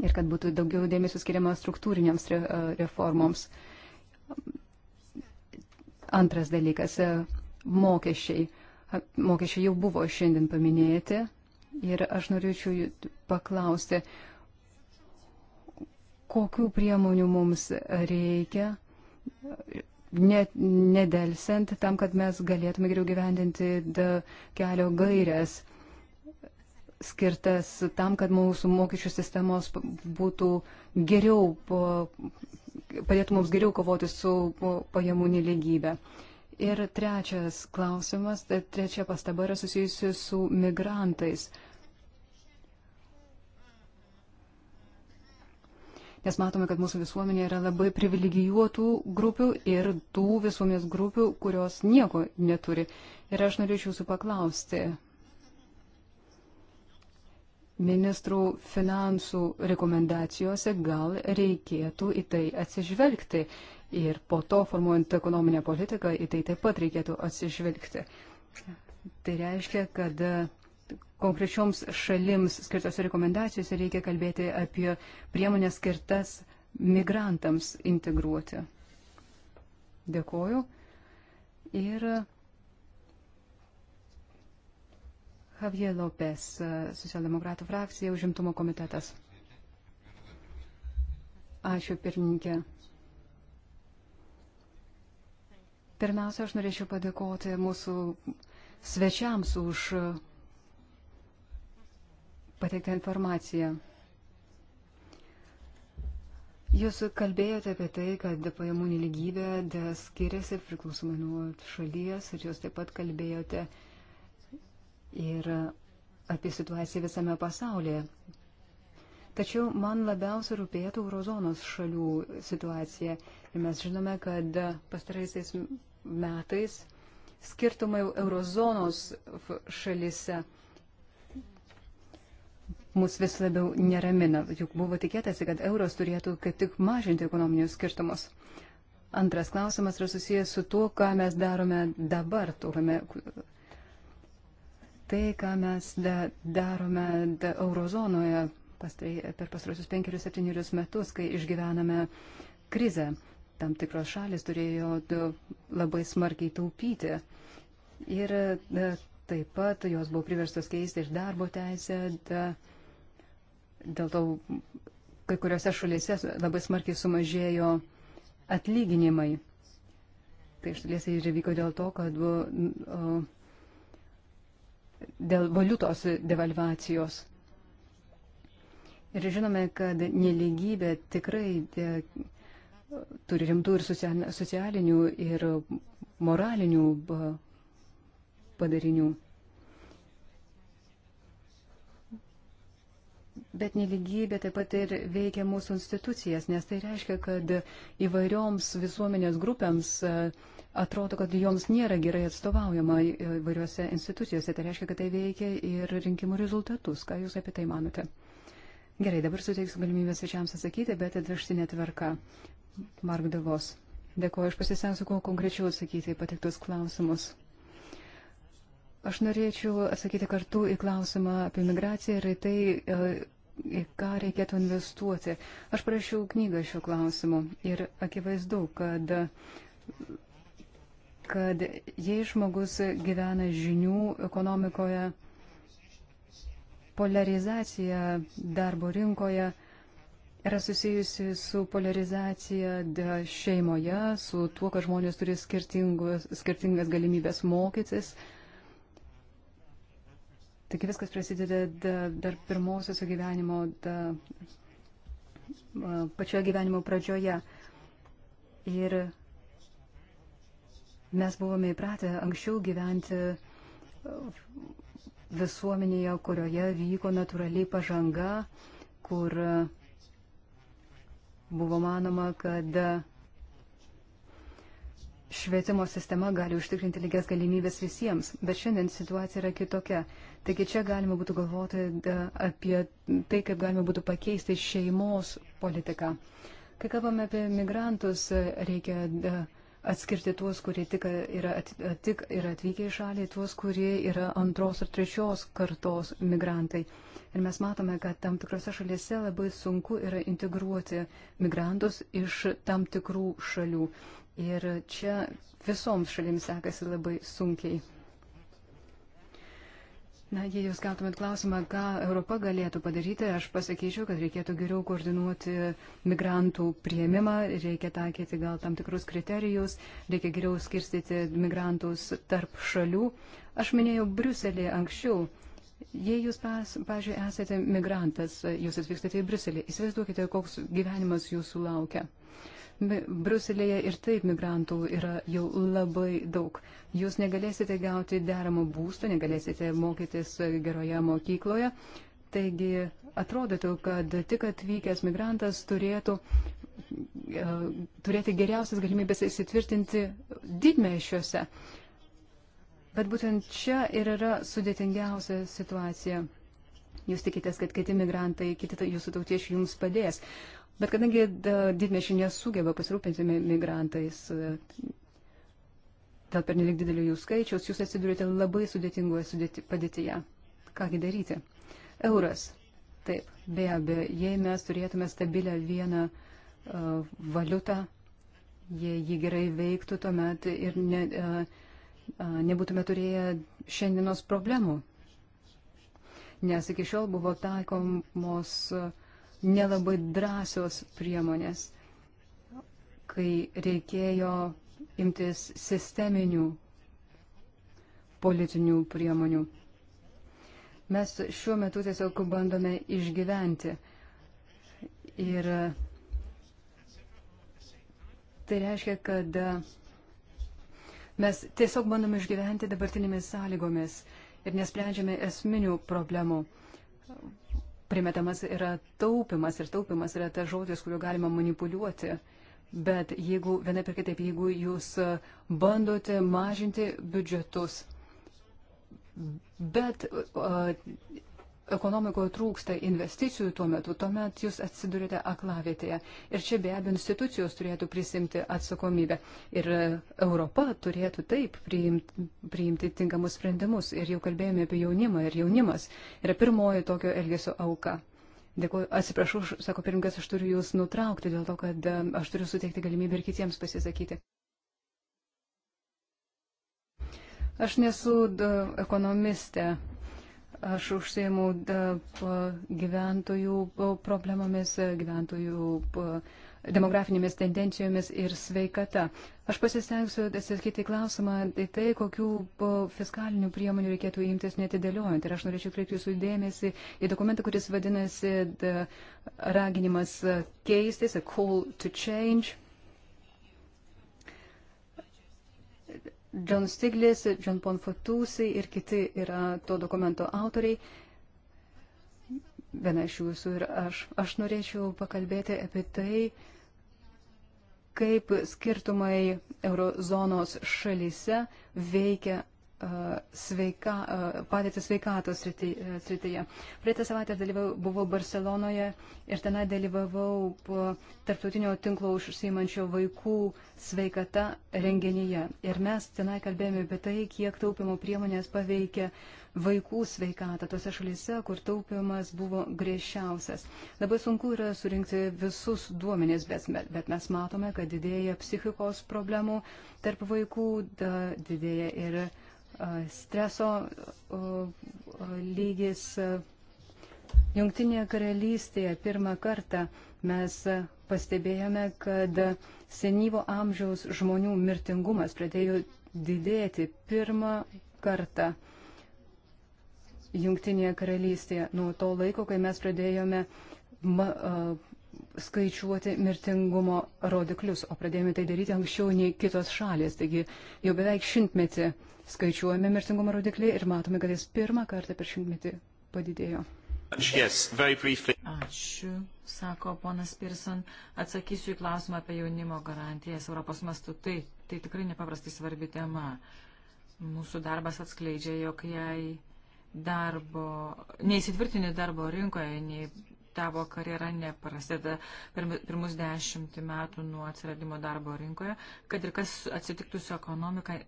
ir kad būtų daugiau dėmesio skiriama struktūriniams reformoms. Antras dalykas - mokesčiai. Mokesčiai jau buvo šiandien paminėti ir aš norėčiau paklausti, kokių priemonių mums reikia, net, nedelsiant, tam, kad mes galėtume geriau gyvendinti kelio gairias skirtas tam, kad mūsų mokesčių sistemos būtų geriau, padėtų mums geriau kovoti su pajamų neligybė. Ir trečias klausimas, tai trečia pastaba yra susijusi su migrantais. nes matome, kad mūsų visuomenė yra labai privilegijuotų grupių ir tų visuomenės grupių, kurios nieko neturi. Ir aš norėčiau jūsų paklausti, ministrų finansų rekomendacijose gal reikėtų į tai atsižvelgti. Ir po to, formuojant ekonominę politiką, į tai taip pat reikėtų atsižvelgti. Tai reiškia, kad e, konkrečioms šalims skirtose rekomendacijose reikia kalbėti apie priemonės skirtas migrantams integruoti. Dėkoju. Ir Javier Lopes, e, socialdemokratų frakcija, užimtumo komitetas. Ačiū, pirmininkė. Pirmiausia, aš norėčiau padėkoti mūsų svečiams už pateiktą informaciją. Jūs kalbėjote apie tai, kad pajamų neligybė skiriasi priklausomai nuo šalies ir jūs taip pat kalbėjote apie ir apie situaciją visame pasaulyje. Tačiau man labiausia rūpėtų eurozonos šalių situacija. Ir mes žinome, kad pastaraisiais metais skirtumai eurozonos šalise mus vis labiau neramina. Juk buvo tikėtasi, kad euros turėtų kaip tik mažinti ekonominius skirtumus. Antras klausimas yra susijęs su tuo, ką mes darome dabar, turime, tai, ką mes da, darome da, eurozonoje pastai, per pastarosius penkerius septynerius metus, kai išgyvename krizę. Tam tikros šalis turėjo da, labai smarkiai taupyti. Ir da, taip pat jos buvo priverstos keisti ir darbo teisę. Da, dėl to kai kuriuose šalyse labai smarkiai sumažėjo atlyginimai. Tai iš dalies ir vyko dėl to, kad buvo, o, dėl valiutos devalvacijos. Ir žinome, kad neligybė tikrai de, turi rimtų ir socialinių, ir moralinių e, padarinių. Bet neligybė taip pat ir veikia mūsų institucijas, nes tai reiškia, kad įvairioms visuomenės grupėms uh, atrodo, kad joms nėra gerai atstovaujama įvairiuose institucijose. Tai reiškia, kad tai veikia ir rinkimų rezultatus. Ką Jūs apie tai manote? Gerai, dabar suteiksiu galimybę svečiams atsakyti, bet atvirštinė tvarka. Mark Davos. Dėkuoju, aš pasisengsiu kuo konkrečiau atsakyti į patiktus klausimus. Aš norėčiau atsakyti kartu į klausimą apie migraciją ir į tai, e, į ką reikėtų investuoti. Aš prašiau knygą šiuo klausimu ir akivaizdu, kad kad jei žmogus gyvena žinių ekonomikoje, polarizacija darbo rinkoje yra susijusi su polarizacija šeimoje, su tuo, kad žmonės turi skirtingas galimybės mokytis. Taigi viskas prasideda dar pirmosios gyvenimo, da, pačioje gyvenimo pradžioje. Ir Mes buvome įpratę anksčiau gyventi uh, visuomenėje, kurioje vyko natūraliai pažanga, kur uh, buvo manoma, kad uh, švietimo sistema gali užtikrinti lygias galimybės visiems, bet šiandien situacija yra kitokia. Taigi čia galima būtų galvoti apie tai, kaip galima būtų pakeisti šeimos politiką. Kai kalbame apie migrantus, reikia atskirti tuos, kurie tik yra, at, tik yra atvykę į šalį, tuos, kurie yra antros ar trečios kartos migrantai. Ir mes matome, kad tam tikrose šalyse labai sunku yra integruoti migrantus iš tam tikrų šalių. Ir čia visoms šalims sekasi labai sunkiai. Na, jei jūs keltumėt klausimą, ką Europa galėtų padaryti, aš pasakyčiau, kad reikėtų geriau koordinuoti migrantų prieimimą, reikia taikyti gal tam tikrus kriterijus, reikia geriau skirstyti migrantus tarp šalių. Aš minėjau Briuselį anksčiau. Jei jūs, pažiūrėjau, esate migrantas, jūs atvykstate į Briuselį, įsivaizduokite, koks gyvenimas jūsų laukia. Uh, Bruselėje ir taip migrantų yra jau labai daug. Jūs negalėsite gauti deramo būsto, negalėsite mokytis geroje mokykloje. Taigi atrodytų, kad tik atvykęs migrantas turėtų e, turėti geriausias galimybės įsitvirtinti didmeišiuose. Bet būtent čia ir yra sudėtingiausia situacija. Jūs tikitės, kad kiti migrantai, kiti jūsų tautiečiai jums padės. Bet kadangi didmešiai nesugeba pasirūpinti migrantais e, dėl pernelik didelio jų skaičiaus, jūs atsidurite labai sudėtingoje sudėti, padėtyje. Kągi daryti? Euras. Taip, be abejo, jei mes turėtume stabilę vieną uh, valiutą, jei ji gerai veiktų, tuomet ir ne, uh, uh, nebūtume turėję šiandienos problemų. Nes iki šiol buvo taikomos. Uh, nelabai drąsios priemonės, kai reikėjo imtis sisteminių politinių priemonių. Mes šiuo metu tiesiog bandome išgyventi. Ir tai reiškia, kad mes tiesiog bandome išgyventi dabartinėmis sąlygomis ir nesprendžiame esminių problemų primetamas yra taupimas ir taupimas yra tas žodis, kuriuo galima manipuliuoti. Bet jeigu vienaip ir kitaip, jeigu jūs bandote mažinti biudžetus, bet uh, ekonomikoje trūksta investicijų tuo metu, tuomet jūs atsidurite aklavietėje. Ir čia be abejo institucijos turėtų prisimti atsakomybę. Ir Europa turėtų taip priimti, priimti tinkamus sprendimus. Ir jau kalbėjome apie jaunimą. Ir jaunimas yra pirmoji tokio elgesio auka. Dėkuoju, atsiprašau, sako pirmininkas, aš turiu jūs nutraukti dėl to, kad e, aš turiu suteikti galimybę ir kitiems pasisakyti. Aš nesu ekonomistė, Aš užsiemu gyventojų problemomis, gyventojų demografinėmis tendencijomis ir sveikata. Aš pasistengsiu atsakyti klausimą į tai, kokių fiskalinių priemonių reikėtų imtis netidėliojant. Ir aš norėčiau kreipti jūsų dėmesį į dokumentą, kuris vadinasi raginimas keistis, a call to change. John Stiglis, John Ponfatusi ir kiti yra to dokumento autoriai. Viena iš jūsų ir aš. Aš norėčiau pakalbėti apie tai, kaip skirtumai eurozonos šalyse veikia sveika, padėtį sveikatos srityje. Praeitą savaitę dalyvau, buvau Barcelonoje ir tenai dalyvavau tarptautinio tinklo užsiimančio vaikų sveikata renginyje. Ir mes tenai kalbėjome apie tai, kiek taupimo priemonės paveikia vaikų sveikatą tose šalyse, kur taupimas buvo griežčiausias. Labai sunku yra surinkti visus duomenys, bet, bet mes matome, kad didėja psichikos problemų tarp vaikų, da, didėja ir streso lygis. Jungtinėje karalystėje pirmą kartą mes pastebėjome, kad senyvo amžiaus žmonių mirtingumas pradėjo didėti pirmą kartą Jungtinėje karalystėje nuo to laiko, kai mes pradėjome ma, uh, skaičiuoti mirtingumo rodiklius, o pradėjome tai daryti anksčiau nei kitos šalės. Taigi jau beveik šimtmetį skaičiuojame mirtingumo rodiklį ir matome, kad jis pirmą kartą per šimtmetį padidėjo. Yes, Ačiū, sako ponas Pirson. Atsakysiu į klausimą apie jaunimo garantijas Europos mastu. Tai, tai tikrai nepaprastai svarbi tema. Mūsų darbas atskleidžia, jog jai darbo, neįsitvirtini darbo rinkoje, nei tavo karjera neprasideda pirmus dešimtį metų nuo atsiradimo darbo rinkoje, kad ir kas atsitiktų su ekonomika,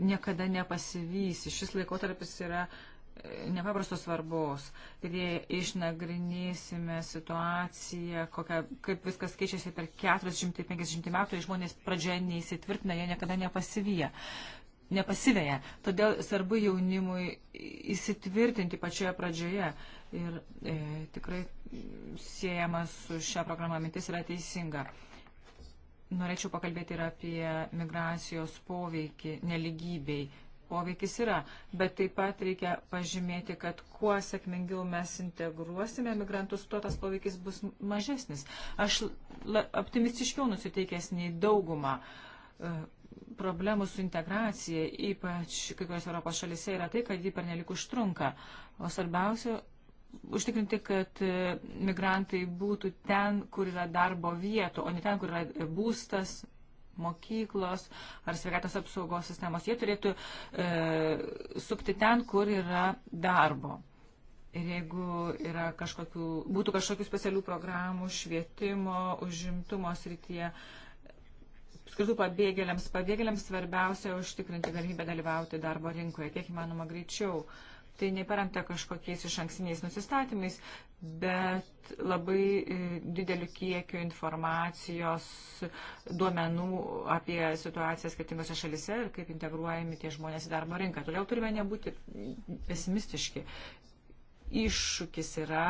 niekada nepasivysi. Šis laikotarpis yra e, nepaprastos svarbos. Ir jei išnagrinėsime situaciją, kokia, kaip viskas keičiasi per 450 metų, tai žmonės pradžioje neįsitvirtina, jie niekada nepasivyja nepasiveja. Todėl svarbu jaunimui įsitvirtinti pačioje pradžioje ir e, tikrai siejamas su šia programa mintis yra teisinga. Norėčiau pakalbėti ir apie migracijos poveikį neligybei. Poveikis yra, bet taip pat reikia pažymėti, kad kuo sėkmingiau mes integruosime migrantus, tuo tas poveikis bus mažesnis. Aš optimistiškiau nusiteikęs nei dauguma e, problemų su integracija, ypač kai kurios Europos šalise, yra tai, kad jį pernelik užtrunka. O svarbiausia, užtikrinti, kad e, migrantai būtų ten, kur yra darbo vietų, o ne ten, kur yra būstas, mokyklos ar sveikatos apsaugos sistemos. Jie turėtų e, sukti ten, kur yra darbo. Ir jeigu yra kažkokių, būtų kažkokių specialių programų švietimo, užimtumo srityje, skirtų pabėgėliams, pabėgėliams svarbiausia užtikrinti galimybę dalyvauti darbo rinkoje, kiek įmanoma greičiau. E, tai neparemta kažkokiais iš anksiniais nusistatymais, bet labai e, dideliu kiekiu informacijos duomenų apie situaciją skirtingose šalise ir kaip integruojami tie žmonės į darbo rinką. Todėl turime nebūti pesimistiški. Iššūkis yra,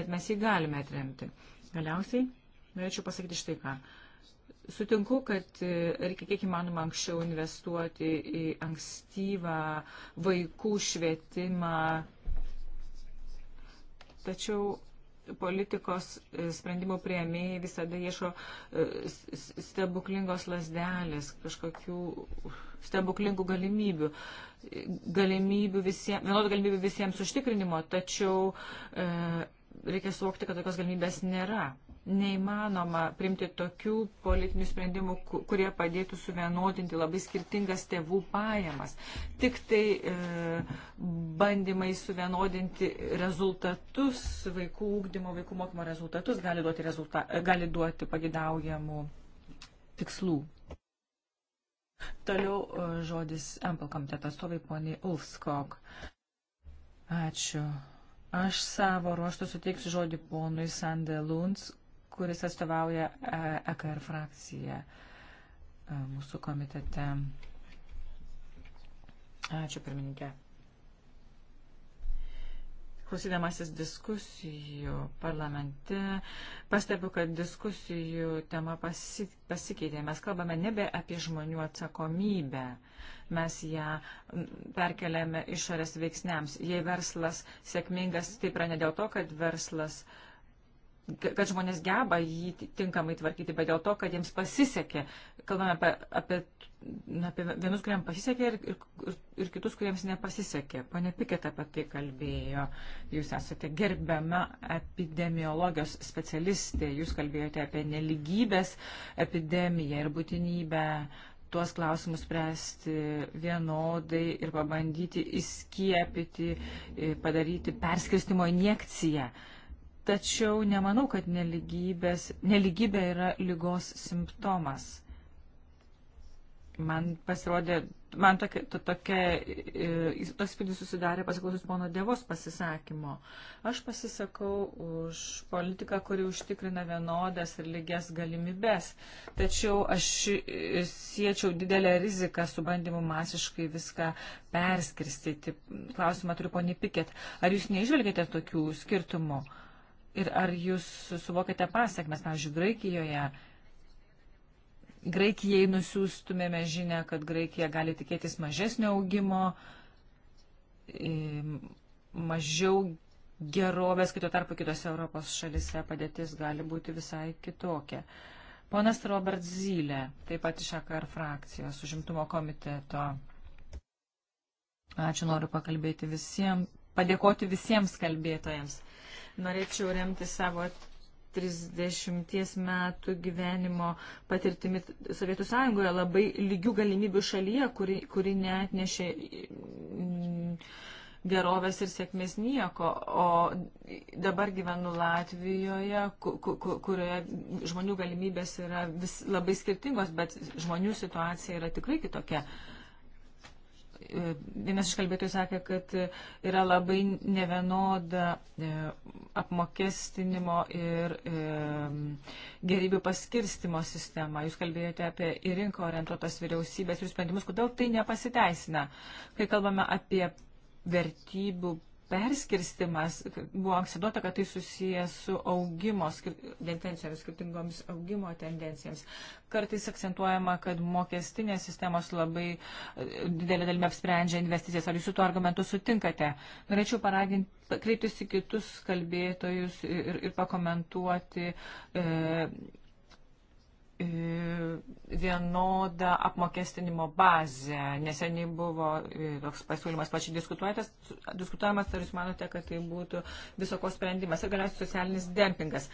bet mes jį galime atremti. Galiausiai norėčiau pasakyti štai ką. Sutinku, kad e, reikia kiek įmanoma anksčiau investuoti į ankstyvą vaikų švietimą. Tačiau politikos e, sprendimų prieimėjai visada ieško e, stebuklingos lasdelės, kažkokių stebuklingų galimybių, galimybių visiems, vienodų galimybių visiems užtikrinimo, tačiau e, reikia suvokti, kad tokios galimybės nėra neįmanoma primti tokių politinių sprendimų, kurie padėtų suvienodinti labai skirtingas tėvų pajamas. Tik tai e, bandymai suvienodinti rezultatus, vaikų ūkdymo, vaikų mokymo rezultatus gali duoti, rezulta, gali duoti pagidaujamų tikslų. Toliau e, žodis Empel komiteto atstovai poniai Ulfskog. Ačiū. Aš savo ruoštų suteiksiu žodį ponui Sandeluns, kuris atstovauja EKR e frakciją e, mūsų komitete. Ačiū, pirmininkė. Klausydamasis diskusijų parlamente, pastebiu, kad diskusijų tema pasikeitė. Mes kalbame nebe apie žmonių atsakomybę, mes ją perkeliame išorės veiksniams. Jei verslas sėkmingas, tai prane dėl to, kad verslas uh, kad žmonės geba jį tinkamai tvarkyti, bet dėl to, kad jiems pasisekė. Kalbame apie, apie, na, apie vienus, kuriems pasisekė ir, ir, ir kitus, kuriems nepasisekė. Pane Pikėt apie tai kalbėjo. Jūs esate gerbiama epidemiologijos specialistė. Jūs kalbėjote apie neligybės epidemiją ir būtinybę tuos klausimus spręsti vienodai ir pabandyti įskiepyti, e, padaryti perskirstimo injekciją. Uh, Tačiau nemanau, kad neligybė yra lygos simptomas. Man pasirodė, man tokia, to, tokia, e, toks spūdis susidarė pasiklausus pono Devos pasisakymo. Aš pasisakau už politiką, kuri užtikrina vienodas ir lygias galimybės. Tačiau aš e, siečiau didelę riziką su bandymu masiškai viską perskirstyti. Klausimą turiu poni Piket. Ar jūs neižvelgėte tokių skirtumų? Uh, Ir ar jūs suvokite pasiekmes, pavyzdžiui, Graikijoje? Graikijai nusiųstumėme žinę, kad Graikija gali tikėtis mažesnio augimo, mažiau gerovės, kito tarpu kitose Europos šalise padėtis gali būti visai kitokia. Ponas Robert Zylė, taip pat iš AKR frakcijos užimtumo komiteto. Ačiū, noriu pakalbėti visiems, padėkoti visiems kalbėtojams. Norėčiau remti savo 30 metų gyvenimo patirtimi Sovietų Sąjungoje labai lygių galimybių šalyje, kuri, kuri neatnešė mm, gerovės ir sėkmės nieko. O dabar gyvenu Latvijoje, kurioje žmonių galimybės yra vis, labai skirtingos, bet žmonių situacija yra tikrai kitokia. Uh, vienas iš kalbėtojų sakė, kad yra labai nevienoda e, apmokestinimo ir e, gerybių paskirstimo sistema. Jūs kalbėjote apie į rinką orientuotas vyriausybės ir sprendimus, kodėl tai nepasiteisina. Kai kalbame apie vertybių perskirstimas, buvo anksidota, kad tai susijęs su augimo tendencijomis, skirtingoms augimo tendencijoms. Kartais akcentuojama, kad mokestinės sistemos labai e, didelė dalimi apsprendžia investicijas. Ar jūs su tuo argumentu sutinkate? Norėčiau paraginti, kreiptis į kitus kalbėtojus ir, ir pakomentuoti. E, vienodą apmokestinimo bazę. Neseniai buvo e, toks pasiūlymas, pačiai diskutuojamas, ar jūs manote, kad tai būtų visoko sprendimas ir galiausiai socialinis dempingas.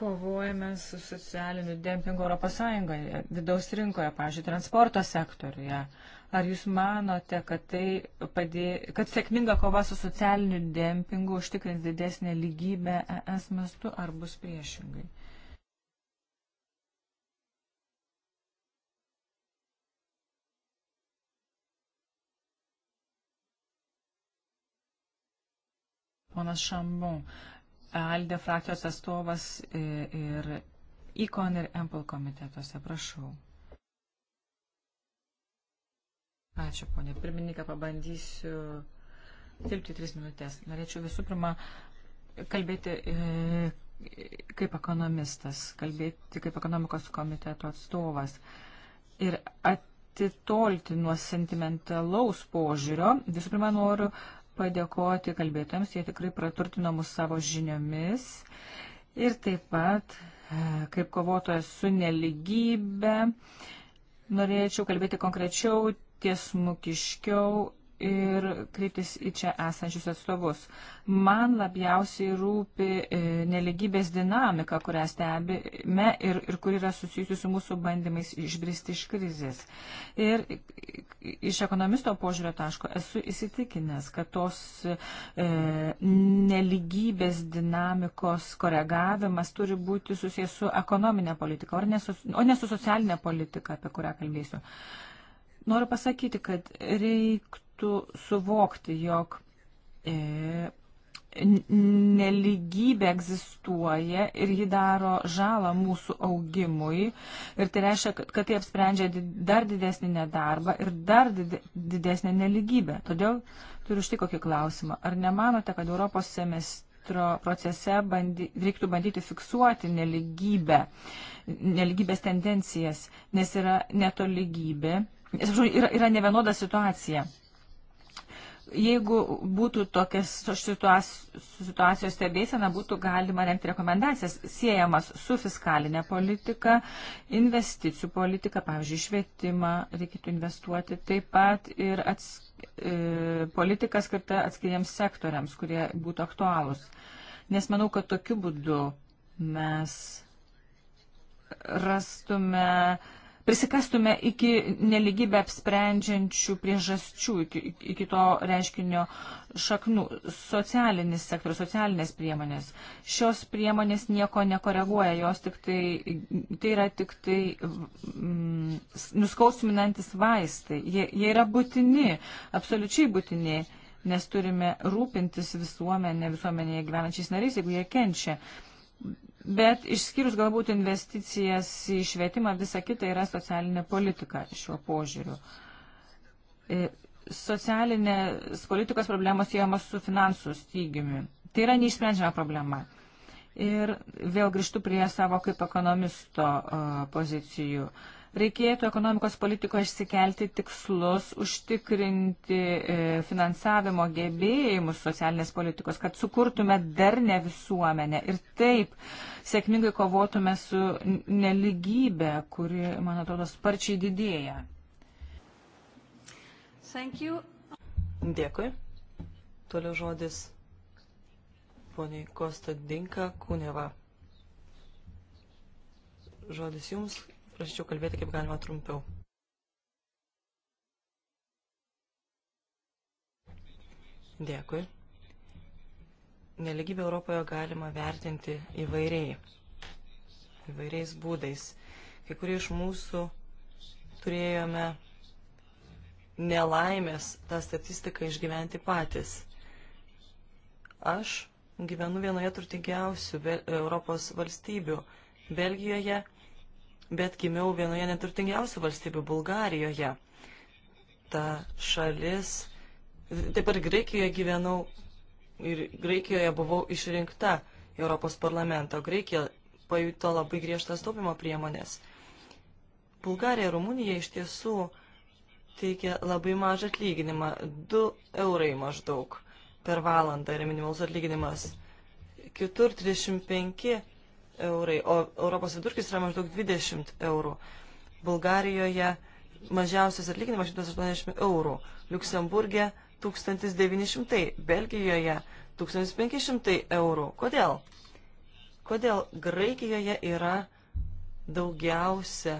Kovojame su socialiniu dempingu Europos Sąjungoje, vidaus rinkoje, pavyzdžiui, transporto sektoriuje. Ar jūs manote, kad, tai padė... kad sėkminga kova su socialiniu dempingu užtikrins didesnę lygybę ES mastu ar bus priešingai? Ponas Šambu, Aldė frakcijos atstovas e, ir ICON ir EMPL komitetuose, prašau. Ačiū, ponė. Pirmininką pabandysiu tilpti tris minutės. Norėčiau visų pirma kalbėti e, kaip ekonomistas, kalbėti kaip ekonomikos komiteto atstovas ir atitolti nuo sentimentalaus požiūrio. Visų pirma, noriu padėkoti kalbėtojams, jie tikrai praturtino mus savo žiniomis. Ir taip pat, e, kaip kovotojas su neligybė, norėčiau kalbėti konkrečiau, tiesmukiškiau ir kreiptis į čia esančius atstovus. Man labiausiai rūpi e, neligybės dinamika, kurią stebime ir, ir kur yra susijusi su mūsų bandymais išbristi iš krizės. Ir iš ekonomisto požiūrio taško esu įsitikinęs, kad tos e, neligybės dinamikos koregavimas turi būti susijęs su ekonominė politika, o ne su, o ne su socialinė politika, apie kurią kalbėsiu. Noriu pasakyti, kad reiktų reikėtų suvokti, jog e, neligybė egzistuoja ir ji daro žalą mūsų augimui. Ir tai reiškia, kad, kad tai apsprendžia dar didesnį nedarbą ir dar didesnę neligybę. Todėl turiu štai kokį klausimą. Ar nemanote, kad Europos semestro procese bandy, reiktų bandyti fiksuoti neligybę, neligybės tendencijas, nes yra netolygybė, nes, žodžiu, yra, yra nevienoda situacija. Jeigu būtų tokias situacijos stebėsena, būtų galima remti rekomendacijas siejamas su fiskalinė politika, investicijų politika, pavyzdžiui, švietimą reikėtų investuoti, taip pat ir ats, e, politika skirta atskiriems sektoriams, kurie būtų aktualūs. Nes manau, kad tokiu būdu mes rastume prisikastume iki neligybę apsprendžiančių priežasčių, iki, iki to reiškinio šaknų. Socialinis sektorius, socialinės priemonės. Šios priemonės nieko nekoreguoja, jos tik tai, tai yra tik tai mm, nuskausminantis vaistai. Jie, jie yra būtini, absoliučiai būtini nes turime rūpintis visuomenė, visuomenėje gyvenančiais nariais, jeigu jie kenčia. Bet išskyrus galbūt investicijas į švietimą, visa kita yra socialinė politika šiuo požiūriu. E, socialinės politikos problemos siejamos su finansų stygiumi. Tai yra neišsprendžiama problema. Ir vėl grįžtu prie savo kaip ekonomisto e, pozicijų. Uh, Reikėtų ekonomikos politikoje išsikelti tikslus, užtikrinti e, finansavimo gebėjimus socialinės politikos, kad sukurtume darnę visuomenę ir taip sėkmingai kovotume su neligybė, kuri, man atrodo, sparčiai didėja. Dėkui. Toliau žodis poniai Kostadinka Kūneva. Žodis jums, prašyčiau kalbėti kaip galima trumpiau. Dėkui. Neligybę Europoje galima vertinti įvairiai, įvairiais būdais. Kai kurie iš mūsų turėjome nelaimės tą statistiką išgyventi patys. Aš gyvenu vienoje turtingiausių Europos valstybių. Belgijoje bet gimiau vienoje neturtingiausių valstybių - Bulgarijoje. Ta šalis, taip pat Graikijoje gyvenau ir Graikijoje buvau išrinkta Europos parlamento. Graikija pajuto labai griežtas taupimo priemonės. Bulgarija ir Rumunija iš tiesų teikia labai mažą atlyginimą - 2 eurai maždaug per valandą yra minimalus atlyginimas. Kitur 35 eurai, o Europos vidurkis yra maždaug 20 eurų. Bulgarijoje mažiausias atlyginimas 180 eurų, Luksemburgė 1900, Belgijoje 1500 eurų. Kodėl? Kodėl Graikijoje yra daugiausia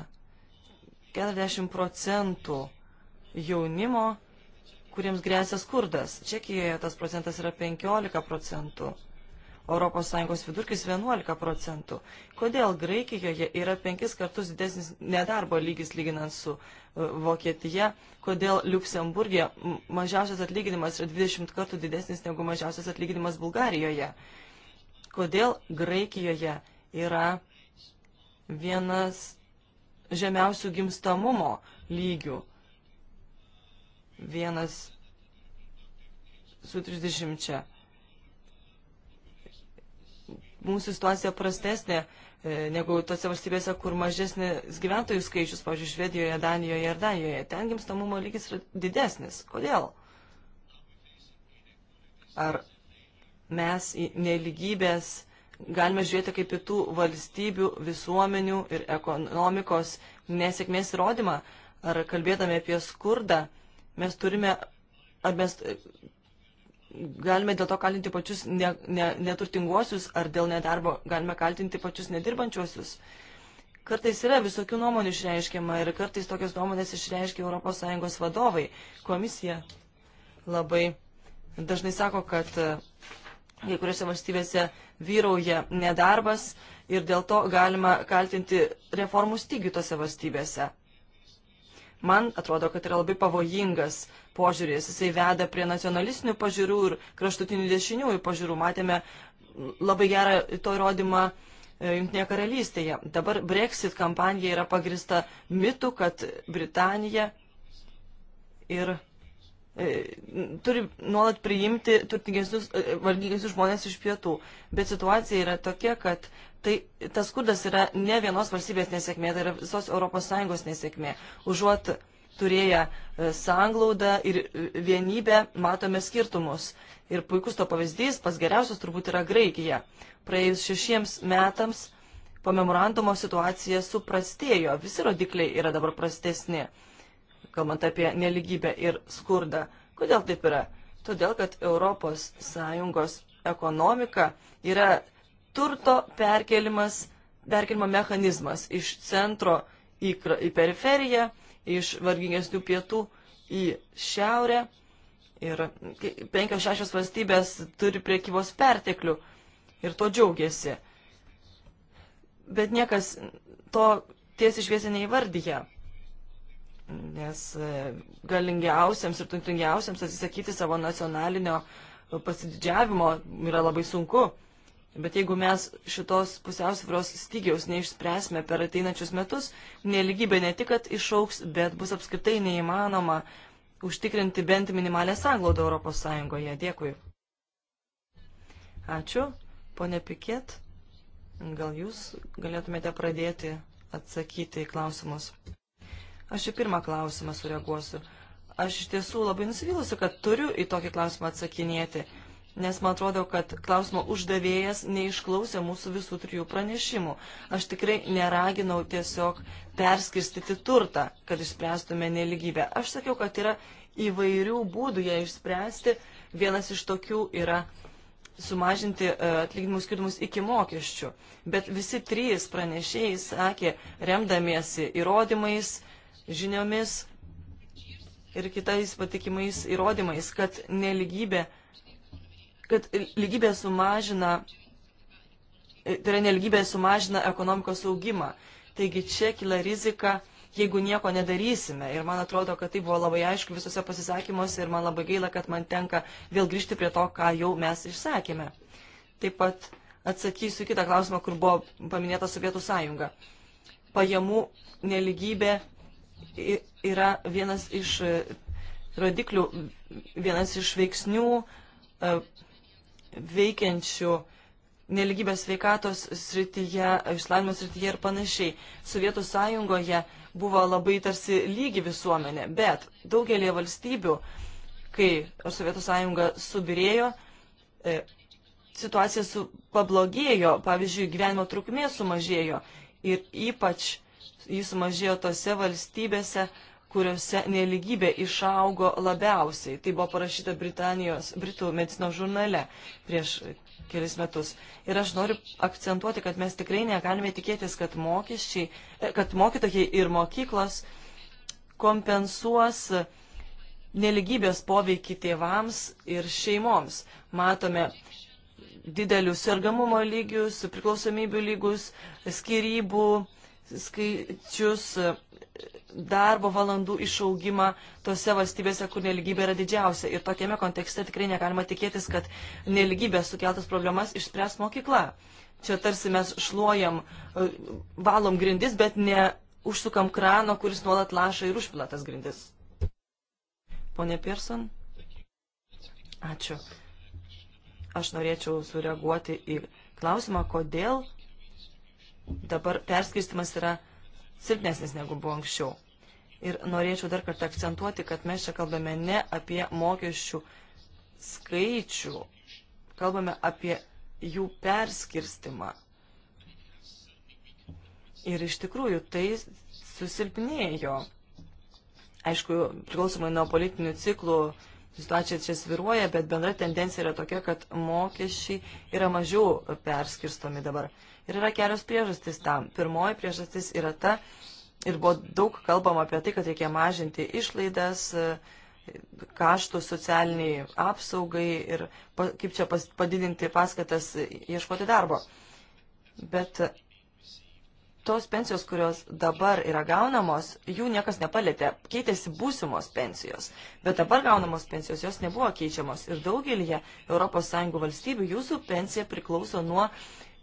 40 procentų jaunimo, kuriems grėsia skurdas. Čekijoje tas procentas yra 15 procentų. ES vidurkis 11 procentų. Kodėl Graikijoje yra penkis kartus didesnis nedarbo lygis lyginant su e, Vokietija, kodėl Luksemburgė mažiausias atlyginimas yra 20 kartų didesnis negu mažiausias atlyginimas Bulgarijoje, kodėl Graikijoje yra vienas žemiausių gimstamumo lygių, vienas su 30 mūsų situacija prastesnė e, negu tose valstybėse, kur mažesnis gyventojų skaičius, pavyzdžiui, Švedijoje, Danijoje ir Danijoje. Ten gimstamumo lygis yra didesnis. Kodėl? Ar mes į neligybės galime žiūrėti kaip į tų valstybių, visuomenių ir ekonomikos nesėkmės įrodymą? Ar kalbėdami apie skurdą, mes turime, ar mes galime dėl to kalinti pačius ne, ne, neturtinguosius ar dėl nedarbo galime kaltinti pačius nedirbančiuosius. Kartais yra visokių nuomonių išreiškiama ir kartais tokias nuomonės išreiškia ES vadovai. Komisija labai dažnai sako, kad e, kai kuriuose valstybėse vyrauja nedarbas ir dėl to galima kaltinti reformų stygių tose valstybėse man atrodo, kad yra labai pavojingas požiūris. Jisai veda prie nacionalistinių pažiūrų ir kraštutinių dešiniųjų pažiūrų. Matėme labai gerą to įrodymą e, Junktinėje karalystėje. Dabar Brexit kampanija yra pagrista mitu, kad Britanija ir E, turi nuolat priimti turtingesnius, e, vargingesnius žmonės iš pietų. Bet situacija yra tokia, kad tai, tas skurdas yra ne vienos valstybės nesėkmė, tai yra visos ES nesėkmė. Užuot turėję e, sanglaudą ir vienybę, matome skirtumus. Ir puikus to pavyzdys, pas geriausias turbūt yra Graikija. Praėjus šešiems metams po memorandumo situacija suprastėjo, visi rodikliai yra dabar prastesni kalbant apie neligybę ir skurdą. Kodėl taip yra? Todėl, kad ES ekonomika yra turto perkelimas, perkelimo mechanizmas iš centro į, į periferiją, iš vargingesnių pietų į šiaurę. Ir penkios šešios valstybės turi priekybos perteklių ir to džiaugiasi. Bet niekas to tiesiai šviesiai neįvardyja nes e, galingiausiams ir turtingiausiams atsisakyti savo nacionalinio pasididžiavimo yra labai sunku. Bet jeigu mes šitos pusiausvėros stygiaus neišspręsime per ateinančius metus, neligybė ne tik, kad išauks, bet bus apskritai neįmanoma užtikrinti bent minimalę sąglaudą Europos Sąjungoje. Dėkui. Ačiū. Pone Pikėt, gal jūs galėtumėte pradėti atsakyti į klausimus? Aš į pirmą klausimą sureaguosiu. Aš iš tiesų labai nusivylusi, kad turiu į tokį klausimą atsakinėti, nes man atrodo, kad klausimo uždavėjas neišklausė mūsų visų trijų pranešimų. Aš tikrai neraginau tiesiog perskirstyti turtą, kad išspręstume neligybę. Aš sakiau, kad yra įvairių būdų ją išspręsti. Vienas iš tokių yra sumažinti e, atlyginimų skirtumus iki mokesčių. Bet visi trys pranešėjai sakė, remdamiesi įrodymais, žiniomis ir kitais patikimais įrodymais, kad neligybė, kad lygybė sumažina, tai yra neligybė sumažina ekonomikos augimą. Taigi čia kila rizika, jeigu nieko nedarysime. Ir man atrodo, kad tai buvo labai aišku visose pasisakymuose ir man labai gaila, kad man tenka vėl grįžti prie to, ką jau mes išsakėme. Taip pat atsakysiu kitą klausimą, kur buvo paminėta Sovietų sąjunga. Pajamų neligybė yra vienas iš e, rodiklių, vienas iš veiksnių e, veikiančių neligybės sveikatos srityje, išlavinimo srityje ir panašiai. Sovietų sąjungoje buvo labai tarsi lygi visuomenė, bet daugelie valstybių, kai Sovietų sąjunga subirėjo, e, situacija su pablogėjo, pavyzdžiui, gyvenimo trukmė sumažėjo ir ypač jis sumažėjo tose valstybėse, kuriuose neligybė išaugo labiausiai. Tai buvo parašyta Britanijos, Britų medicinos žurnale prieš kelis metus. Ir aš noriu akcentuoti, kad mes tikrai negalime tikėtis, kad, e, kad mokytojai ir mokyklos kompensuos neligybės poveikį tėvams ir šeimoms. Matome didelius sergamumo lygius, priklausomybių lygius, skirybų skaičius e, darbo valandų išaugimą tose valstybėse, kur neligybė yra didžiausia. Ir tokiame kontekste tikrai negalima tikėtis, kad neligybės sukeltas problemas išspręs mokykla. Čia tarsi mes šluojam, e, valom grindis, bet ne užsukam krano, kuris nuolat laša ir užpila tas grindis. Pone Pirson? Ačiū. Aš norėčiau sureaguoti į klausimą, kodėl dabar perskirstimas yra silpnesnis negu buvo anksčiau. Ir norėčiau dar kartą akcentuoti, kad mes čia kalbame ne apie mokesčių skaičių, kalbame apie jų perskirstimą. Ir iš tikrųjų tai susilpnėjo. Aišku, priklausomai nuo politinių ciklų situacija čia sviruoja, bet bendra tendencija yra tokia, kad mokesčiai yra mažiau perskirstomi dabar. Ir yra kelios priežastys tam. Pirmoji priežastis yra ta, ir buvo daug kalbama apie tai, kad reikia mažinti išlaidas, kaštų socialiniai apsaugai ir kaip čia padidinti paskatas ieškoti darbo. Bet tos pensijos, kurios dabar yra gaunamos, jų niekas nepalėtė, keitėsi būsimos pensijos, bet dabar gaunamos pensijos jos nebuvo keičiamos ir daugelįje ES valstybių jūsų pensija priklauso nuo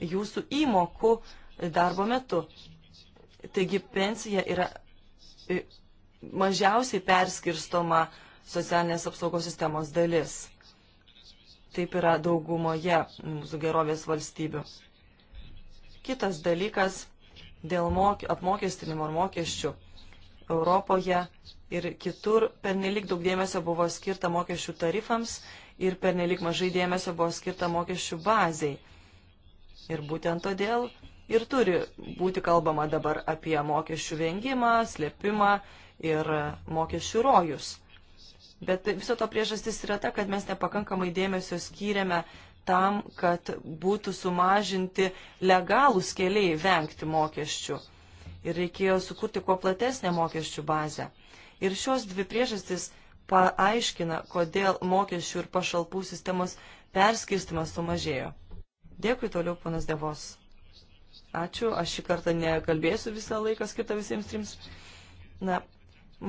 jūsų įmokų darbo metu. Taigi pensija yra e, mažiausiai perskirstoma socialinės apsaugos sistemos dalis. Taip yra daugumoje mūsų gerovės valstybių. Kitas dalykas dėl apmokestinimo ir mokesčių. Europoje ir kitur pernelik daug dėmesio buvo skirta mokesčių tarifams ir pernelik mažai dėmesio buvo skirta mokesčių baziai. Ir būtent todėl ir turi būti kalbama dabar apie mokesčių vengimą, slėpimą ir mokesčių rojus. Bet viso to priežastis yra ta, kad mes nepakankamai dėmesio skyrėme tam, kad būtų sumažinti legalūs keliai vengti mokesčių. Ir reikėjo sukurti kuo platesnę mokesčių bazę. Ir šios dvi priežastis paaiškina, kodėl mokesčių ir pašalpų sistemos perskirstimas sumažėjo. Dėkui toliau, ponas Devos. Ačiū, aš šį kartą nekalbėsiu visą laiką skirtą visiems trims. Na,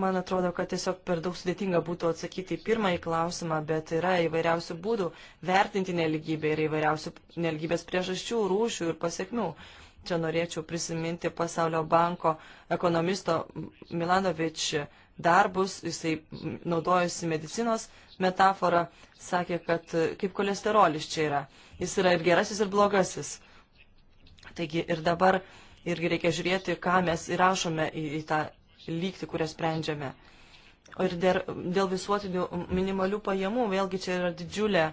man atrodo, kad tiesiog per daug sudėtinga būtų atsakyti į pirmąjį klausimą, bet yra įvairiausių būdų vertinti neligybę ir įvairiausių neligybės priežasčių, rūšių ir pasiekmių. Čia norėčiau prisiminti Pasaulio banko ekonomisto Milanovič darbus, jisai naudojosi medicinos metaforą, sakė, kad e, kaip kolesterolis čia yra. Jis yra ir gerasis, ir blogasis. Taigi ir dabar irgi reikia žiūrėti, ką mes įrašome į, į tą lygti, kurią sprendžiame. O ir dėl, dėl visuotinių minimalių pajamų, vėlgi čia yra didžiulė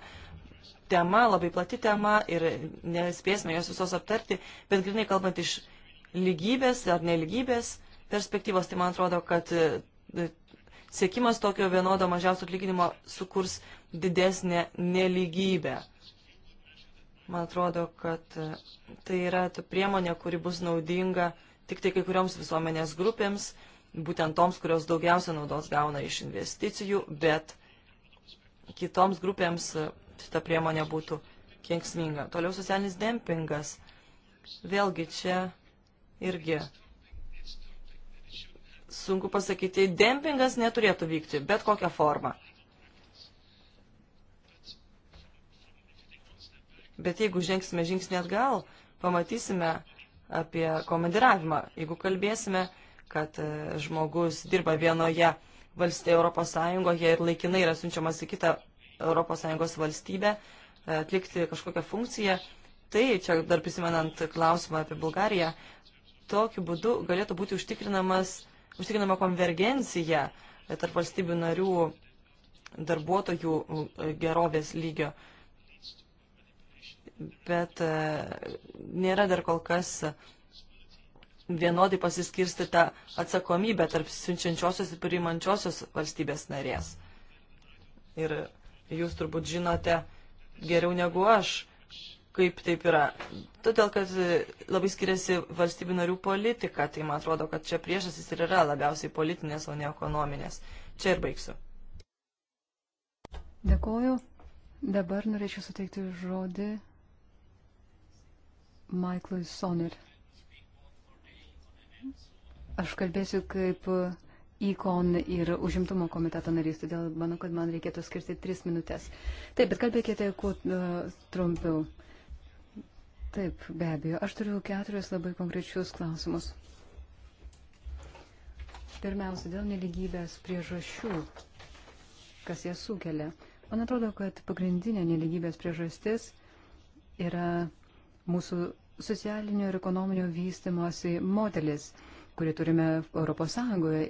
tema, labai plati tema ir nespėsime jos visos aptarti, bet grinai kalbant iš lygybės ar neligybės perspektyvos, tai man atrodo, kad e, sėkimas tokio vienodo mažiausio atlyginimo sukurs didesnę neligybę. Man atrodo, kad tai yra ta priemonė, kuri bus naudinga tik tai kai kurioms visuomenės grupėms, būtent toms, kurios daugiausia naudos gauna iš investicijų, bet kitoms grupėms šita priemonė būtų kenksminga. Toliau socialinis dempingas. Vėlgi čia irgi sunku pasakyti, dempingas neturėtų vykti, bet kokią formą. Bet jeigu žengsime žingsnį atgal, pamatysime apie komandiravimą. Jeigu kalbėsime, kad e, žmogus dirba vienoje valstybėje Europos Sąjungoje ir laikinai yra siunčiamas į kitą Europos Sąjungos valstybę e, atlikti kažkokią funkciją, tai čia dar prisimenant klausimą apie Bulgariją, tokiu būdu galėtų būti užtikrinamas uh, užtikrinama konvergencija tarp valstybių narių darbuotojų e, gerovės lygio. Bet e, nėra dar kol kas vienodai pasiskirstyta atsakomybė tarp siunčiančiosios ir priimančiosios valstybės narės. Ir jūs turbūt žinote geriau negu aš, kaip taip yra. Todėl, kad labai skiriasi valstybių narių politika, tai man atrodo, kad čia priežasis ir yra labiausiai politinės, o ne ekonominės. Čia ir baigsiu. Dėkoju. Dabar norėčiau suteikti žodį Michaelui Soner. Aš kalbėsiu kaip įkon ir užimtumo komiteto narys, todėl manau, kad man reikėtų skirti tris minutės. Taip, bet kalbėkite kuo uh, trumpiau. Uh, Taip, be abejo. Aš turiu keturius labai konkrečius klausimus. Pirmiausia, dėl neligybės priežasčių, kas jas sukelia. Man atrodo, kad pagrindinė neligybės priežastis yra mūsų socialinio ir ekonominio vystimosi modelis kurį turime ES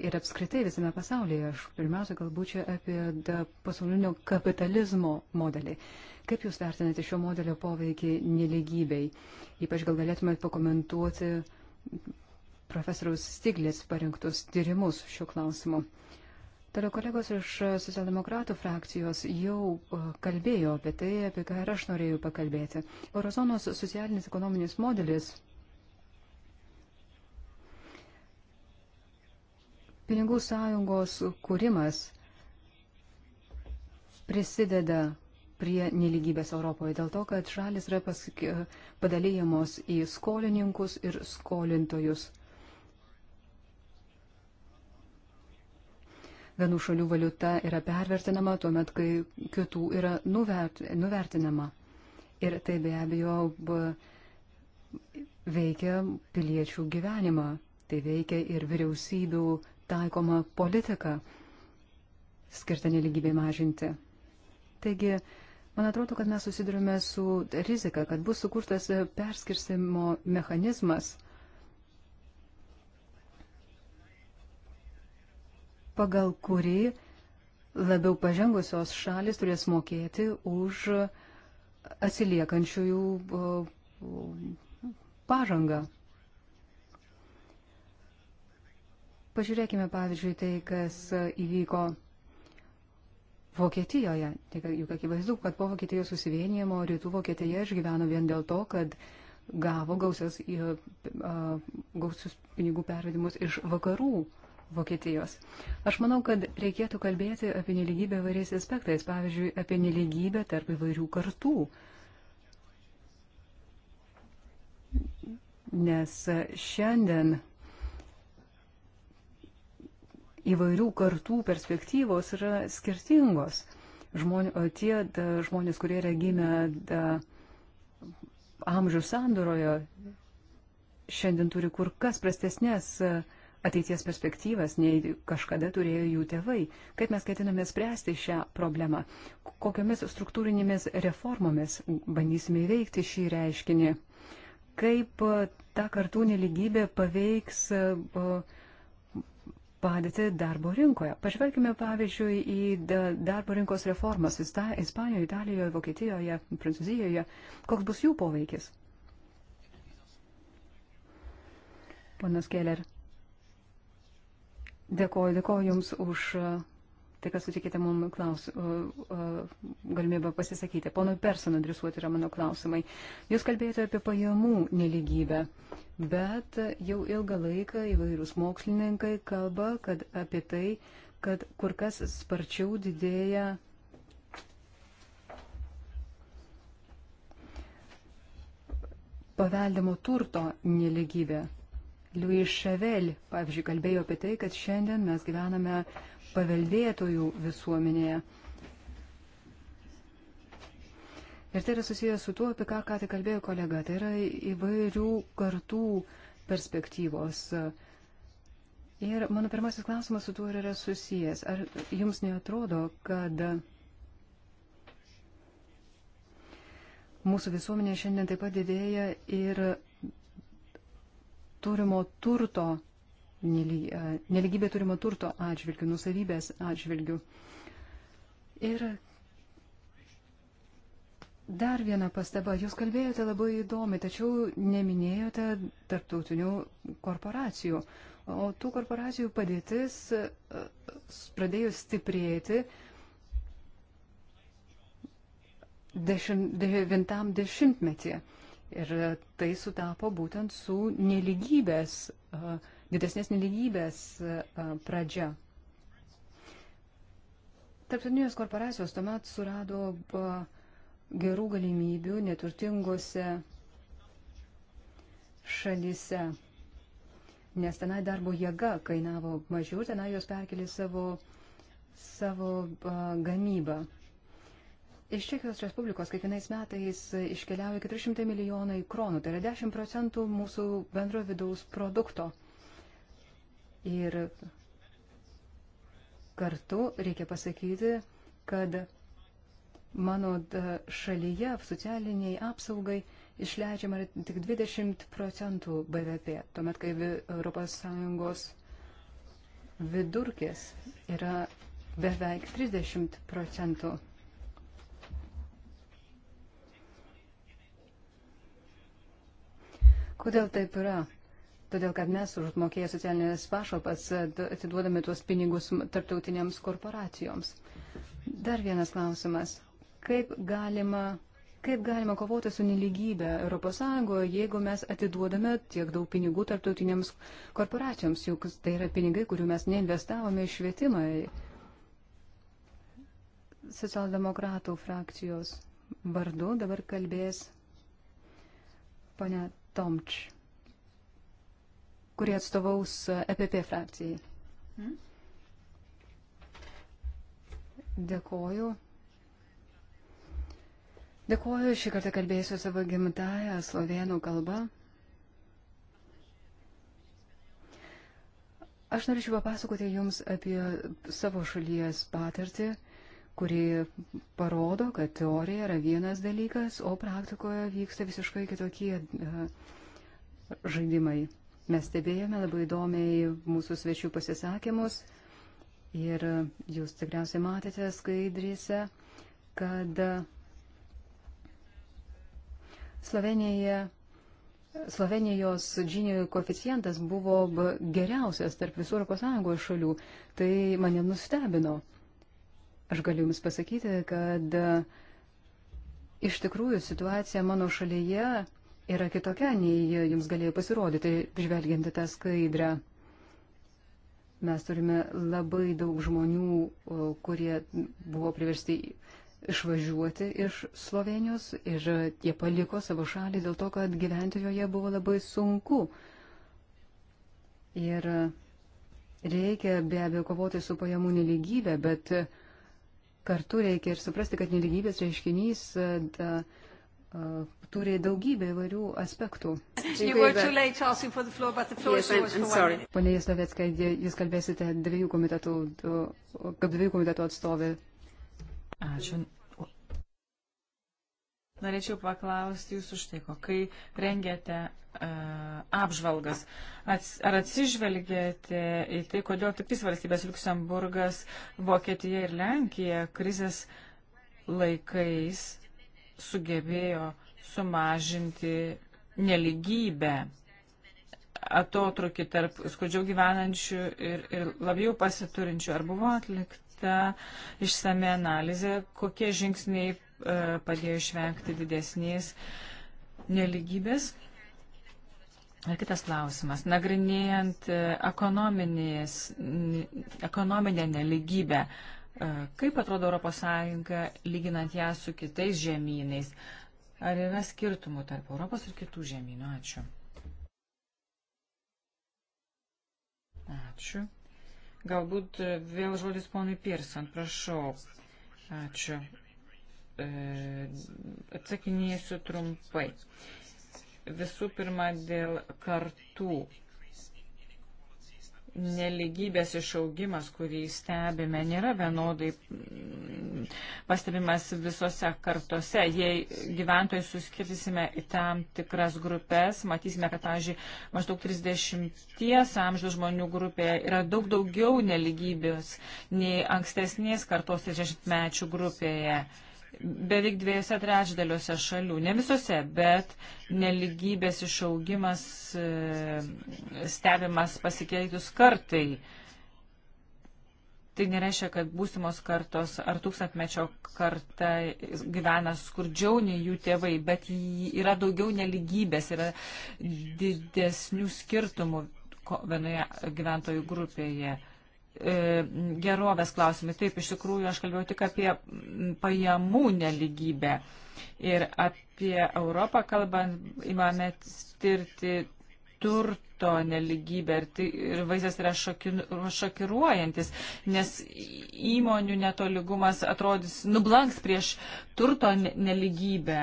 ir apskritai visame pasaulyje. Aš pirmiausia galbūt čia apie pasaulinio kapitalizmo modelį. Kaip Jūs vertinate šio modelio poveikį neligybei? Ypač gal galėtumėte pakomentuoti profesoriaus Stiglės parinktus tyrimus šiuo klausimu. Toliau kolegos iš socialdemokratų frakcijos jau e, kalbėjo apie tai, apie ką ir aš norėjau pakalbėti. Eurozonos socialinis ekonominis modelis Pinigų sąjungos kūrimas prisideda prie neligybės Europoje dėl to, kad šalis yra padalyjamos į skolininkus ir skolintojus. Vienų šalių valiuta yra pervertinama tuomet, kai kitų yra nuvert, nuvertinama. Ir tai be abejo veikia piliečių gyvenimą. Tai veikia ir vyriausybių taikoma politika skirta neligybei mažinti. Taigi, man atrodo, kad mes susidurime su rizika, kad bus sukurtas perskirstimo mechanizmas, pagal kurį labiau pažengusios šalis turės mokėti už atsiliekančiųjų pažangą. Pažiūrėkime, pavyzdžiui, tai, kas įvyko Vokietijoje. Tai juk akivaizdu, kad po Vokietijos susivienijimo rytų Vokietija išgyveno vien dėl to, kad gavo gausias, gausius pinigų pervedimus iš vakarų Vokietijos. Aš manau, kad reikėtų kalbėti apie neligybę vairiais aspektais, pavyzdžiui, apie neligybę tarp įvairių kartų. Nes šiandien įvairių kartų perspektyvos yra skirtingos. Žmon, tie da, žmonės, kurie yra gimę da, amžių sandoroje, šiandien turi kur kas prastesnės ateities perspektyvas, nei kažkada turėjo jų tėvai. Kaip mes ketiname spręsti šią problemą? Kokiomis struktūrinėmis reformomis bandysime įveikti šį reiškinį? Kaip ta kartų neligybė paveiks uh, padėtį darbo rinkoje. Pažvelkime pavyzdžiui į darbo rinkos reformas Ispanijoje, Italijoje, Vokietijoje, Prancūzijoje. Koks bus jų poveikis? Ponas Keller, dėkoju, dėkoju Jums už tai, kad sutikite mums klaus, galimybę pasisakyti. Ponui Person adresuoti yra mano klausimai. Jūs kalbėjote apie pajamų neligybę, bet jau ilgą laiką įvairūs mokslininkai kalba kad apie tai, kad kur kas sparčiau didėja. Paveldimo turto neligybė. Louis Chevel, pavyzdžiui, kalbėjo apie tai, kad šiandien mes gyvename paveldėtojų visuomenėje. Ir tai yra susijęs su tuo, apie ką ką tik kalbėjo kolega. Tai yra įvairių kartų perspektyvos. Ir mano pirmasis klausimas su tuo yra susijęs. Ar jums neatrodo, kad mūsų visuomenė šiandien taip pat didėja ir turimo turto neligybė e, turimo turto atžvilgių, nusavybės atžvilgių. Ir dar viena pastaba. Jūs kalbėjote labai įdomi, tačiau neminėjote tarptautinių korporacijų. O tų korporacijų padėtis e, pradėjo stiprėti dešimt, devintam dešimtmetyje. Ir tai sutapo būtent su neligybės uh, didesnės nelygybės e, pradžia. Tarptautinės korporacijos tuomet surado e, gerų galimybių neturtingose šalyse, nes tenai darbo jėga kainavo mažiau, tenai jos perkelė savo, savo e, gamybą. Iš Čekijos Respublikos kiekvienais metais iškeliauja 400 milijonai kronų, tai yra 10 procentų mūsų bendro vidaus produkto. Ir kartu reikia pasakyti, kad mano šalyje socialiniai apsaugai išleidžiama tik 20 procentų BVP, tuomet kai ES vidurkis yra beveik 30 procentų. Kodėl taip yra? todėl kad mes užmokėję socialinės pašalpas e, atiduodame tuos pinigus tarptautinėms korporacijoms. Dar vienas klausimas. Kaip galima, kaip galima kovoti su neligybė ES, jeigu mes atiduodame tiek daug pinigų tarptautinėms korporacijoms, juk tai yra pinigai, kurių mes neinvestavome į švietimą socialdemokratų frakcijos vardu dabar kalbės ponia Tomč kurie atstovaus EPP frakcijai. Hmm? Dėkoju. Dėkoju, šį kartą kalbėsiu savo gimtają slovėnų kalbą. Aš norėčiau papasakoti Jums apie savo šalies patirtį, kuri parodo, kad teorija yra vienas dalykas, o praktikoje vyksta visiškai kitokie e, žaidimai. Mes stebėjome labai įdomiai mūsų svečių pasisakymus ir jūs tikriausiai matėte skaidrėse, kad Slovenija Slovenijos džinijų koeficientas buvo geriausias tarp visų ES šalių. Tai mane nustebino. Aš galiu Jums pasakyti, kad e, iš tikrųjų situacija mano šalyje yra kitokia, nei jums galėjo pasirodyti, žvelgiant į tą skaidrę. Mes turime labai daug žmonių, kurie buvo priversti išvažiuoti iš Slovenijos ir jie paliko savo šalį dėl to, kad gyventi joje buvo labai sunku. Ir reikia be abejo kovoti su pajamų neligybė, bet kartu reikia ir suprasti, kad neligybės reiškinys da, uh, turi daugybę įvairių aspektų. Pone Jaslovetskai, jūs kalbėsite dviejų komitetų, kaip dviejų komitetų atstovė. Ačiū. Norėčiau paklausti jūsų štai ko, kai rengėte uh, e, apžvalgas, ats, ar atsižvelgėte į tai, kodėl tik trys valstybės - Luksemburgas, Vokietija ir Lenkija - krizės laikais sugebėjo sumažinti neligybę atotrukį tarp skurdžiau gyvenančių ir, ir labiau pasiturinčių. Ar buvo atlikta išsame analizė, kokie žingsniai e, padėjo išvengti didesnės neligybės? Ir kitas klausimas. Nagrinėjant e, ekonominę neligybę, Kaip atrodo ES, lyginant ją su kitais žemynais? Ar yra skirtumų tarp Europos ir kitų žemynų? Ačiū. Ačiū. Galbūt vėl žodis ponui Pirsant, prašau. Ačiū. E, atsakinėsiu trumpai. Visų pirma, dėl kartų neligybės išaugimas, kurį stebime, nėra vienodai mm, pastebimas visose kartose. Jei gyventojai suskirtisime į tam tikras grupės, matysime, kad, pavyzdžiui, maždaug 30 amžiaus žmonių grupėje yra daug daugiau neligybės nei ankstesnės kartos 30 mečių grupėje beveik dviejose trečdaliuose šalių, ne visose, bet neligybės išaugimas e, stebimas pasikeitus kartai. Tai nereiškia, kad būsimos kartos ar tūkstantmečio karta gyvena skurdžiau nei jų tėvai, bet yra daugiau neligybės, yra didesnių skirtumų vienoje gyventojų grupėje. E, gerovės klausimai. Taip, iš tikrųjų, aš kalbėjau tik apie pajamų neligybę. Ir apie Europą kalbant, įmame tirti turto neligybę ir, tai, ir vaizdas yra šokin, šokiruojantis, nes įmonių netoligumas atrodys nublanks prieš turto neligybę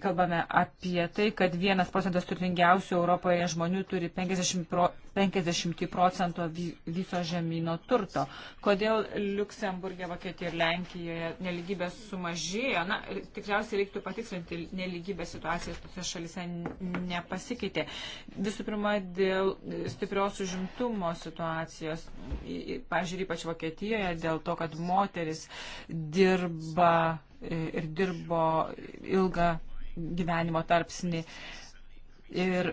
kalbame apie tai, kad vienas procentas turtingiausių Europoje žmonių turi 50, pro, 50 procentų viso žemynų turto. Kodėl Luksemburgė, Vokietija ir Lenkijoje neligybė sumažėjo? Na, tikriausiai reiktų patikslinti, neligybė situacija tose šalise nepasikeitė. Visų pirma, dėl stiprios užimtumo situacijos, pažiūrėjau, ypač Vokietijoje, dėl to, kad moteris dirba e, ir dirbo ilgą gyvenimo tarpsnį. Ir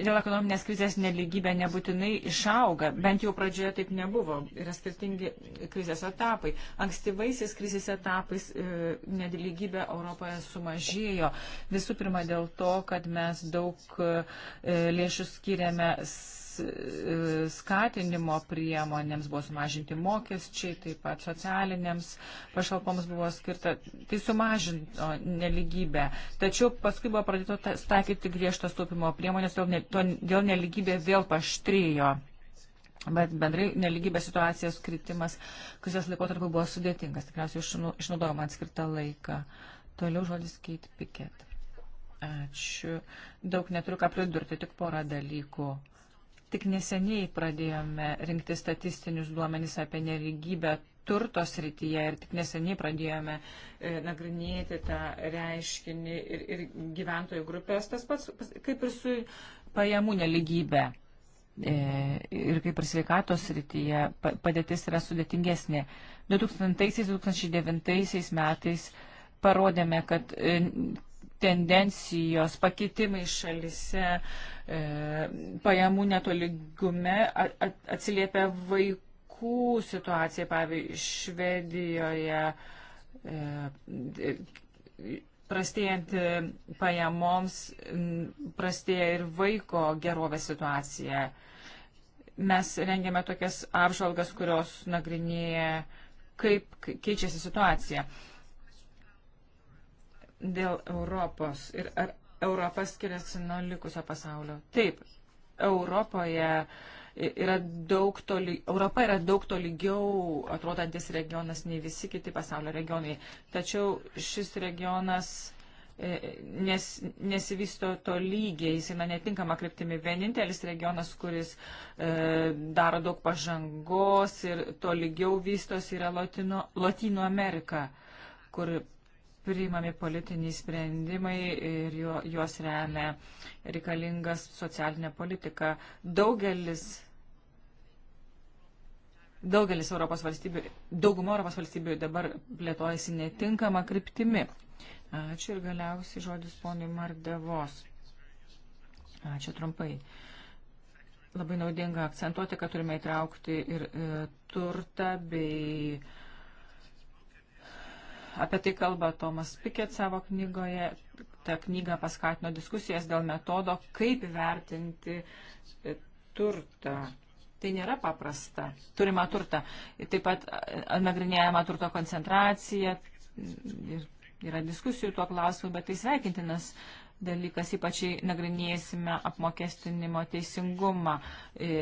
dėl ekonominės krizės neligybė nebūtinai išauga, bent jau pradžioje taip nebuvo, yra skirtingi krizės etapai. Ankstyvaisiais krizės etapais e, neligybė Europoje sumažėjo. Visų pirma dėl to, kad mes daug e, lėšų skiriame skatinimo priemonėms buvo sumažinti mokesčiai, taip pat socialinėms pašalpoms buvo skirta, tai sumažino neligybę. Tačiau paskui buvo pradėta taikyti griežtas taupimo priemonės, dėl, ne, to, dėl neligybė vėl paštrėjo. Bet bendrai neligybės situacijos kritimas, kuris laikotarpiu buvo sudėtingas, tikriausiai išnaudojama atskirtą laiką. Toliau žodis Kate Pickett. Ačiū. Daug neturiu ką pridurti, tik porą dalykų. Tik neseniai pradėjome rinkti statistinius duomenys apie neligybę turto srityje ir tik neseniai pradėjome e, nagrinėti tą reiškinį ir, ir gyventojų grupės, tas pats kaip ir su pajamų neligybė. E, ir kaip ir sveikatos srityje padėtis yra sudėtingesnė. 2000-2009 metais parodėme, kad e, tendencijos, pakitimai šalise, e, pajamų netoligume atsiliepia vaikų situacija, pavyzdžiui, Švedijoje. E, prastėjant pajamoms, prastėja ir vaiko gerovės situacija. Mes rengiame tokias apžvalgas, kurios nagrinėja, kaip keičiasi situacija. E, dėl Europos ir ar Europa skiriasi nuo likusio pasaulio. Taip, Europoje yra daug toli, Europa yra daug tolygiau atrodantis regionas nei visi kiti pasaulio regionai. Tačiau šis regionas e, nes, nesivysto tolygiai, jis eina netinkama kryptimi. Vienintelis regionas, kuris e, daro daug pažangos ir tolygiau vystos yra Latino, Latino Amerika, kur priimami politiniai sprendimai ir juos remia reikalingas socialinė politika. Daugelis, daugelis Europos valstybių, dauguma Europos valstybių dabar plėtojasi netinkama kryptimi. Ačiū ir galiausiai žodis ponui Mardevos. Ačiū trumpai. Labai naudinga akcentuoti, kad turime įtraukti ir e, turtą bei e, apie tai kalba Tomas Pikėt savo knygoje. Ta knyga paskatino diskusijas dėl metodo, kaip vertinti e, turtą. Tai nėra paprasta. Turima turta. Taip pat e, nagrinėjama turto koncentracija. Yra diskusijų tuo klausimu, bet tai sveikintinas dalykas, ypač nagrinėsime apmokestinimo teisingumą. E,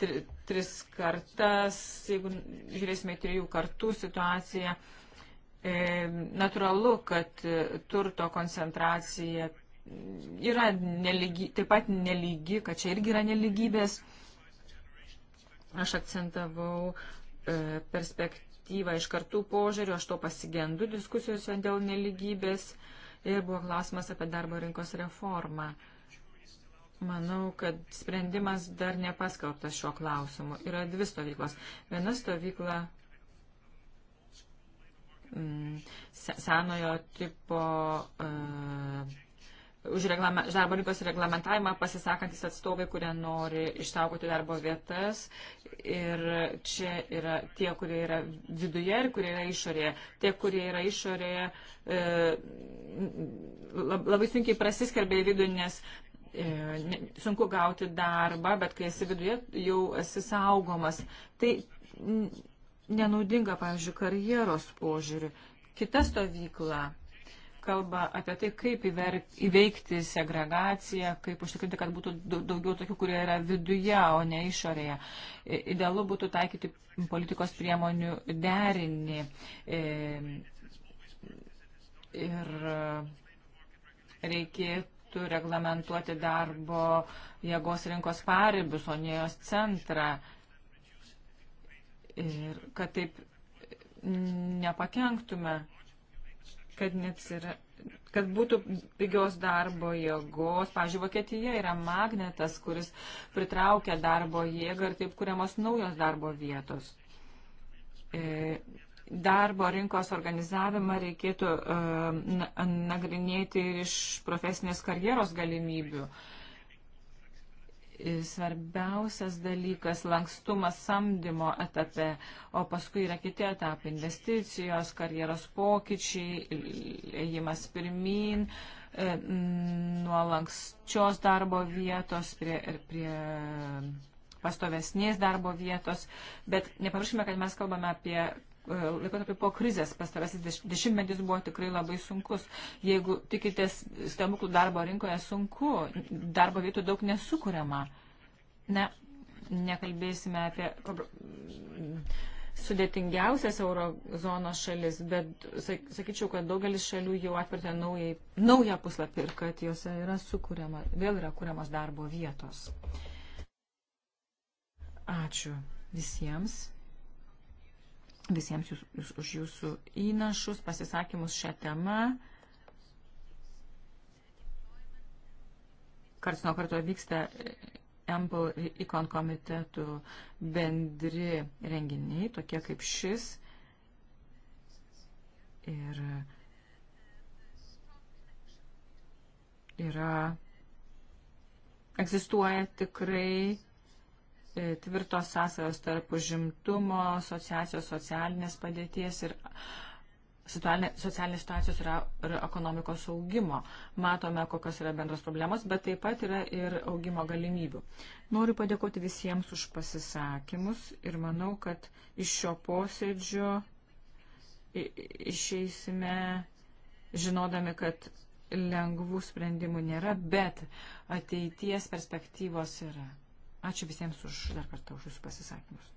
tri, tris kartas, jeigu žiūrėsime trijų kartų situaciją, E, natūralu, kad e, turto koncentracija yra nelygi, taip pat nelygi, kad čia irgi yra neligybės. Aš akcentavau e, perspektyvą iš kartų požiūrių, aš to pasigendu diskusijose dėl neligybės ir buvo klausimas apie darbo rinkos reformą. Manau, kad sprendimas dar nepaskelbtas šiuo klausimu. Yra dvi stovyklos. Viena stovykla Mm, senojo tipo e, už reglame, darbo rinkos reglamentavimą pasisakantis atstovai, kurie nori išsaugoti darbo vietas. Ir čia yra tie, kurie yra viduje ir kurie yra išorėje. Tie, kurie yra išorėje, e, labai sunkiai prasiskarbė į vidų, nes e, sunku gauti darbą, bet kai esi viduje, jau esi saugomas. Tai nenaudinga, pavyzdžiui, karjeros požiūriu. Kita stovykla kalba apie tai, kaip įveikti segregaciją, kaip užtikrinti, kad būtų daugiau tokių, kurie yra viduje, o ne išorėje. Idealu būtų taikyti politikos priemonių derinį. E, ir reikėtų reglamentuoti darbo jėgos rinkos paribius, o ne jos centrą ir kad taip nepakenktume, kad, neatsira, kad būtų pigios darbo jėgos. Pavyzdžiui, Vokietija yra magnetas, kuris pritraukia darbo jėgą ir taip kuriamos naujos darbo vietos. E, darbo rinkos organizavimą reikėtų e, nagrinėti ir iš profesinės karjeros galimybių. Uh, svarbiausias dalykas - lankstumas samdymo etape, o paskui yra kiti etapai - investicijos, karjeros pokyčiai, ėjimas pirmin, e, nuo lankščios darbo vietos prie, prie pastovesnės darbo vietos. Bet nepamirškime, kad mes kalbame apie laikotarpį po krizės pastarasis dešimtmetis buvo tikrai labai sunkus. Jeigu tikitės stebuklų darbo rinkoje sunku, darbo vietų daug nesukuriama. Ne, nekalbėsime apie sudėtingiausias eurozonos šalis, bet sakyčiau, kad daugelis šalių jau atvertė naujai, naują puslapį ir kad juose yra sukūriama, vėl yra kuriamas darbo vietos. Ačiū visiems visiems jūs, jūs, už jūsų įnašus, pasisakymus šią temą. Karts nuo karto vyksta Ample ikon komitetų bendri renginiai, tokie kaip šis. Ir yra, egzistuoja tikrai E, tvirtos sąsajos tarp užimtumo, asociacijos socialinės padėties ir socialinės situacijos yra, ir ekonomikos augimo. Matome, kokios yra bendros problemos, bet taip pat yra ir augimo galimybių. Noriu padėkoti visiems už pasisakymus ir manau, kad iš šio posėdžio išeisime žinodami, kad lengvų sprendimų nėra, bet ateities perspektyvos yra. Ačiū visiems už dar kartą už jūsų pasisakymus.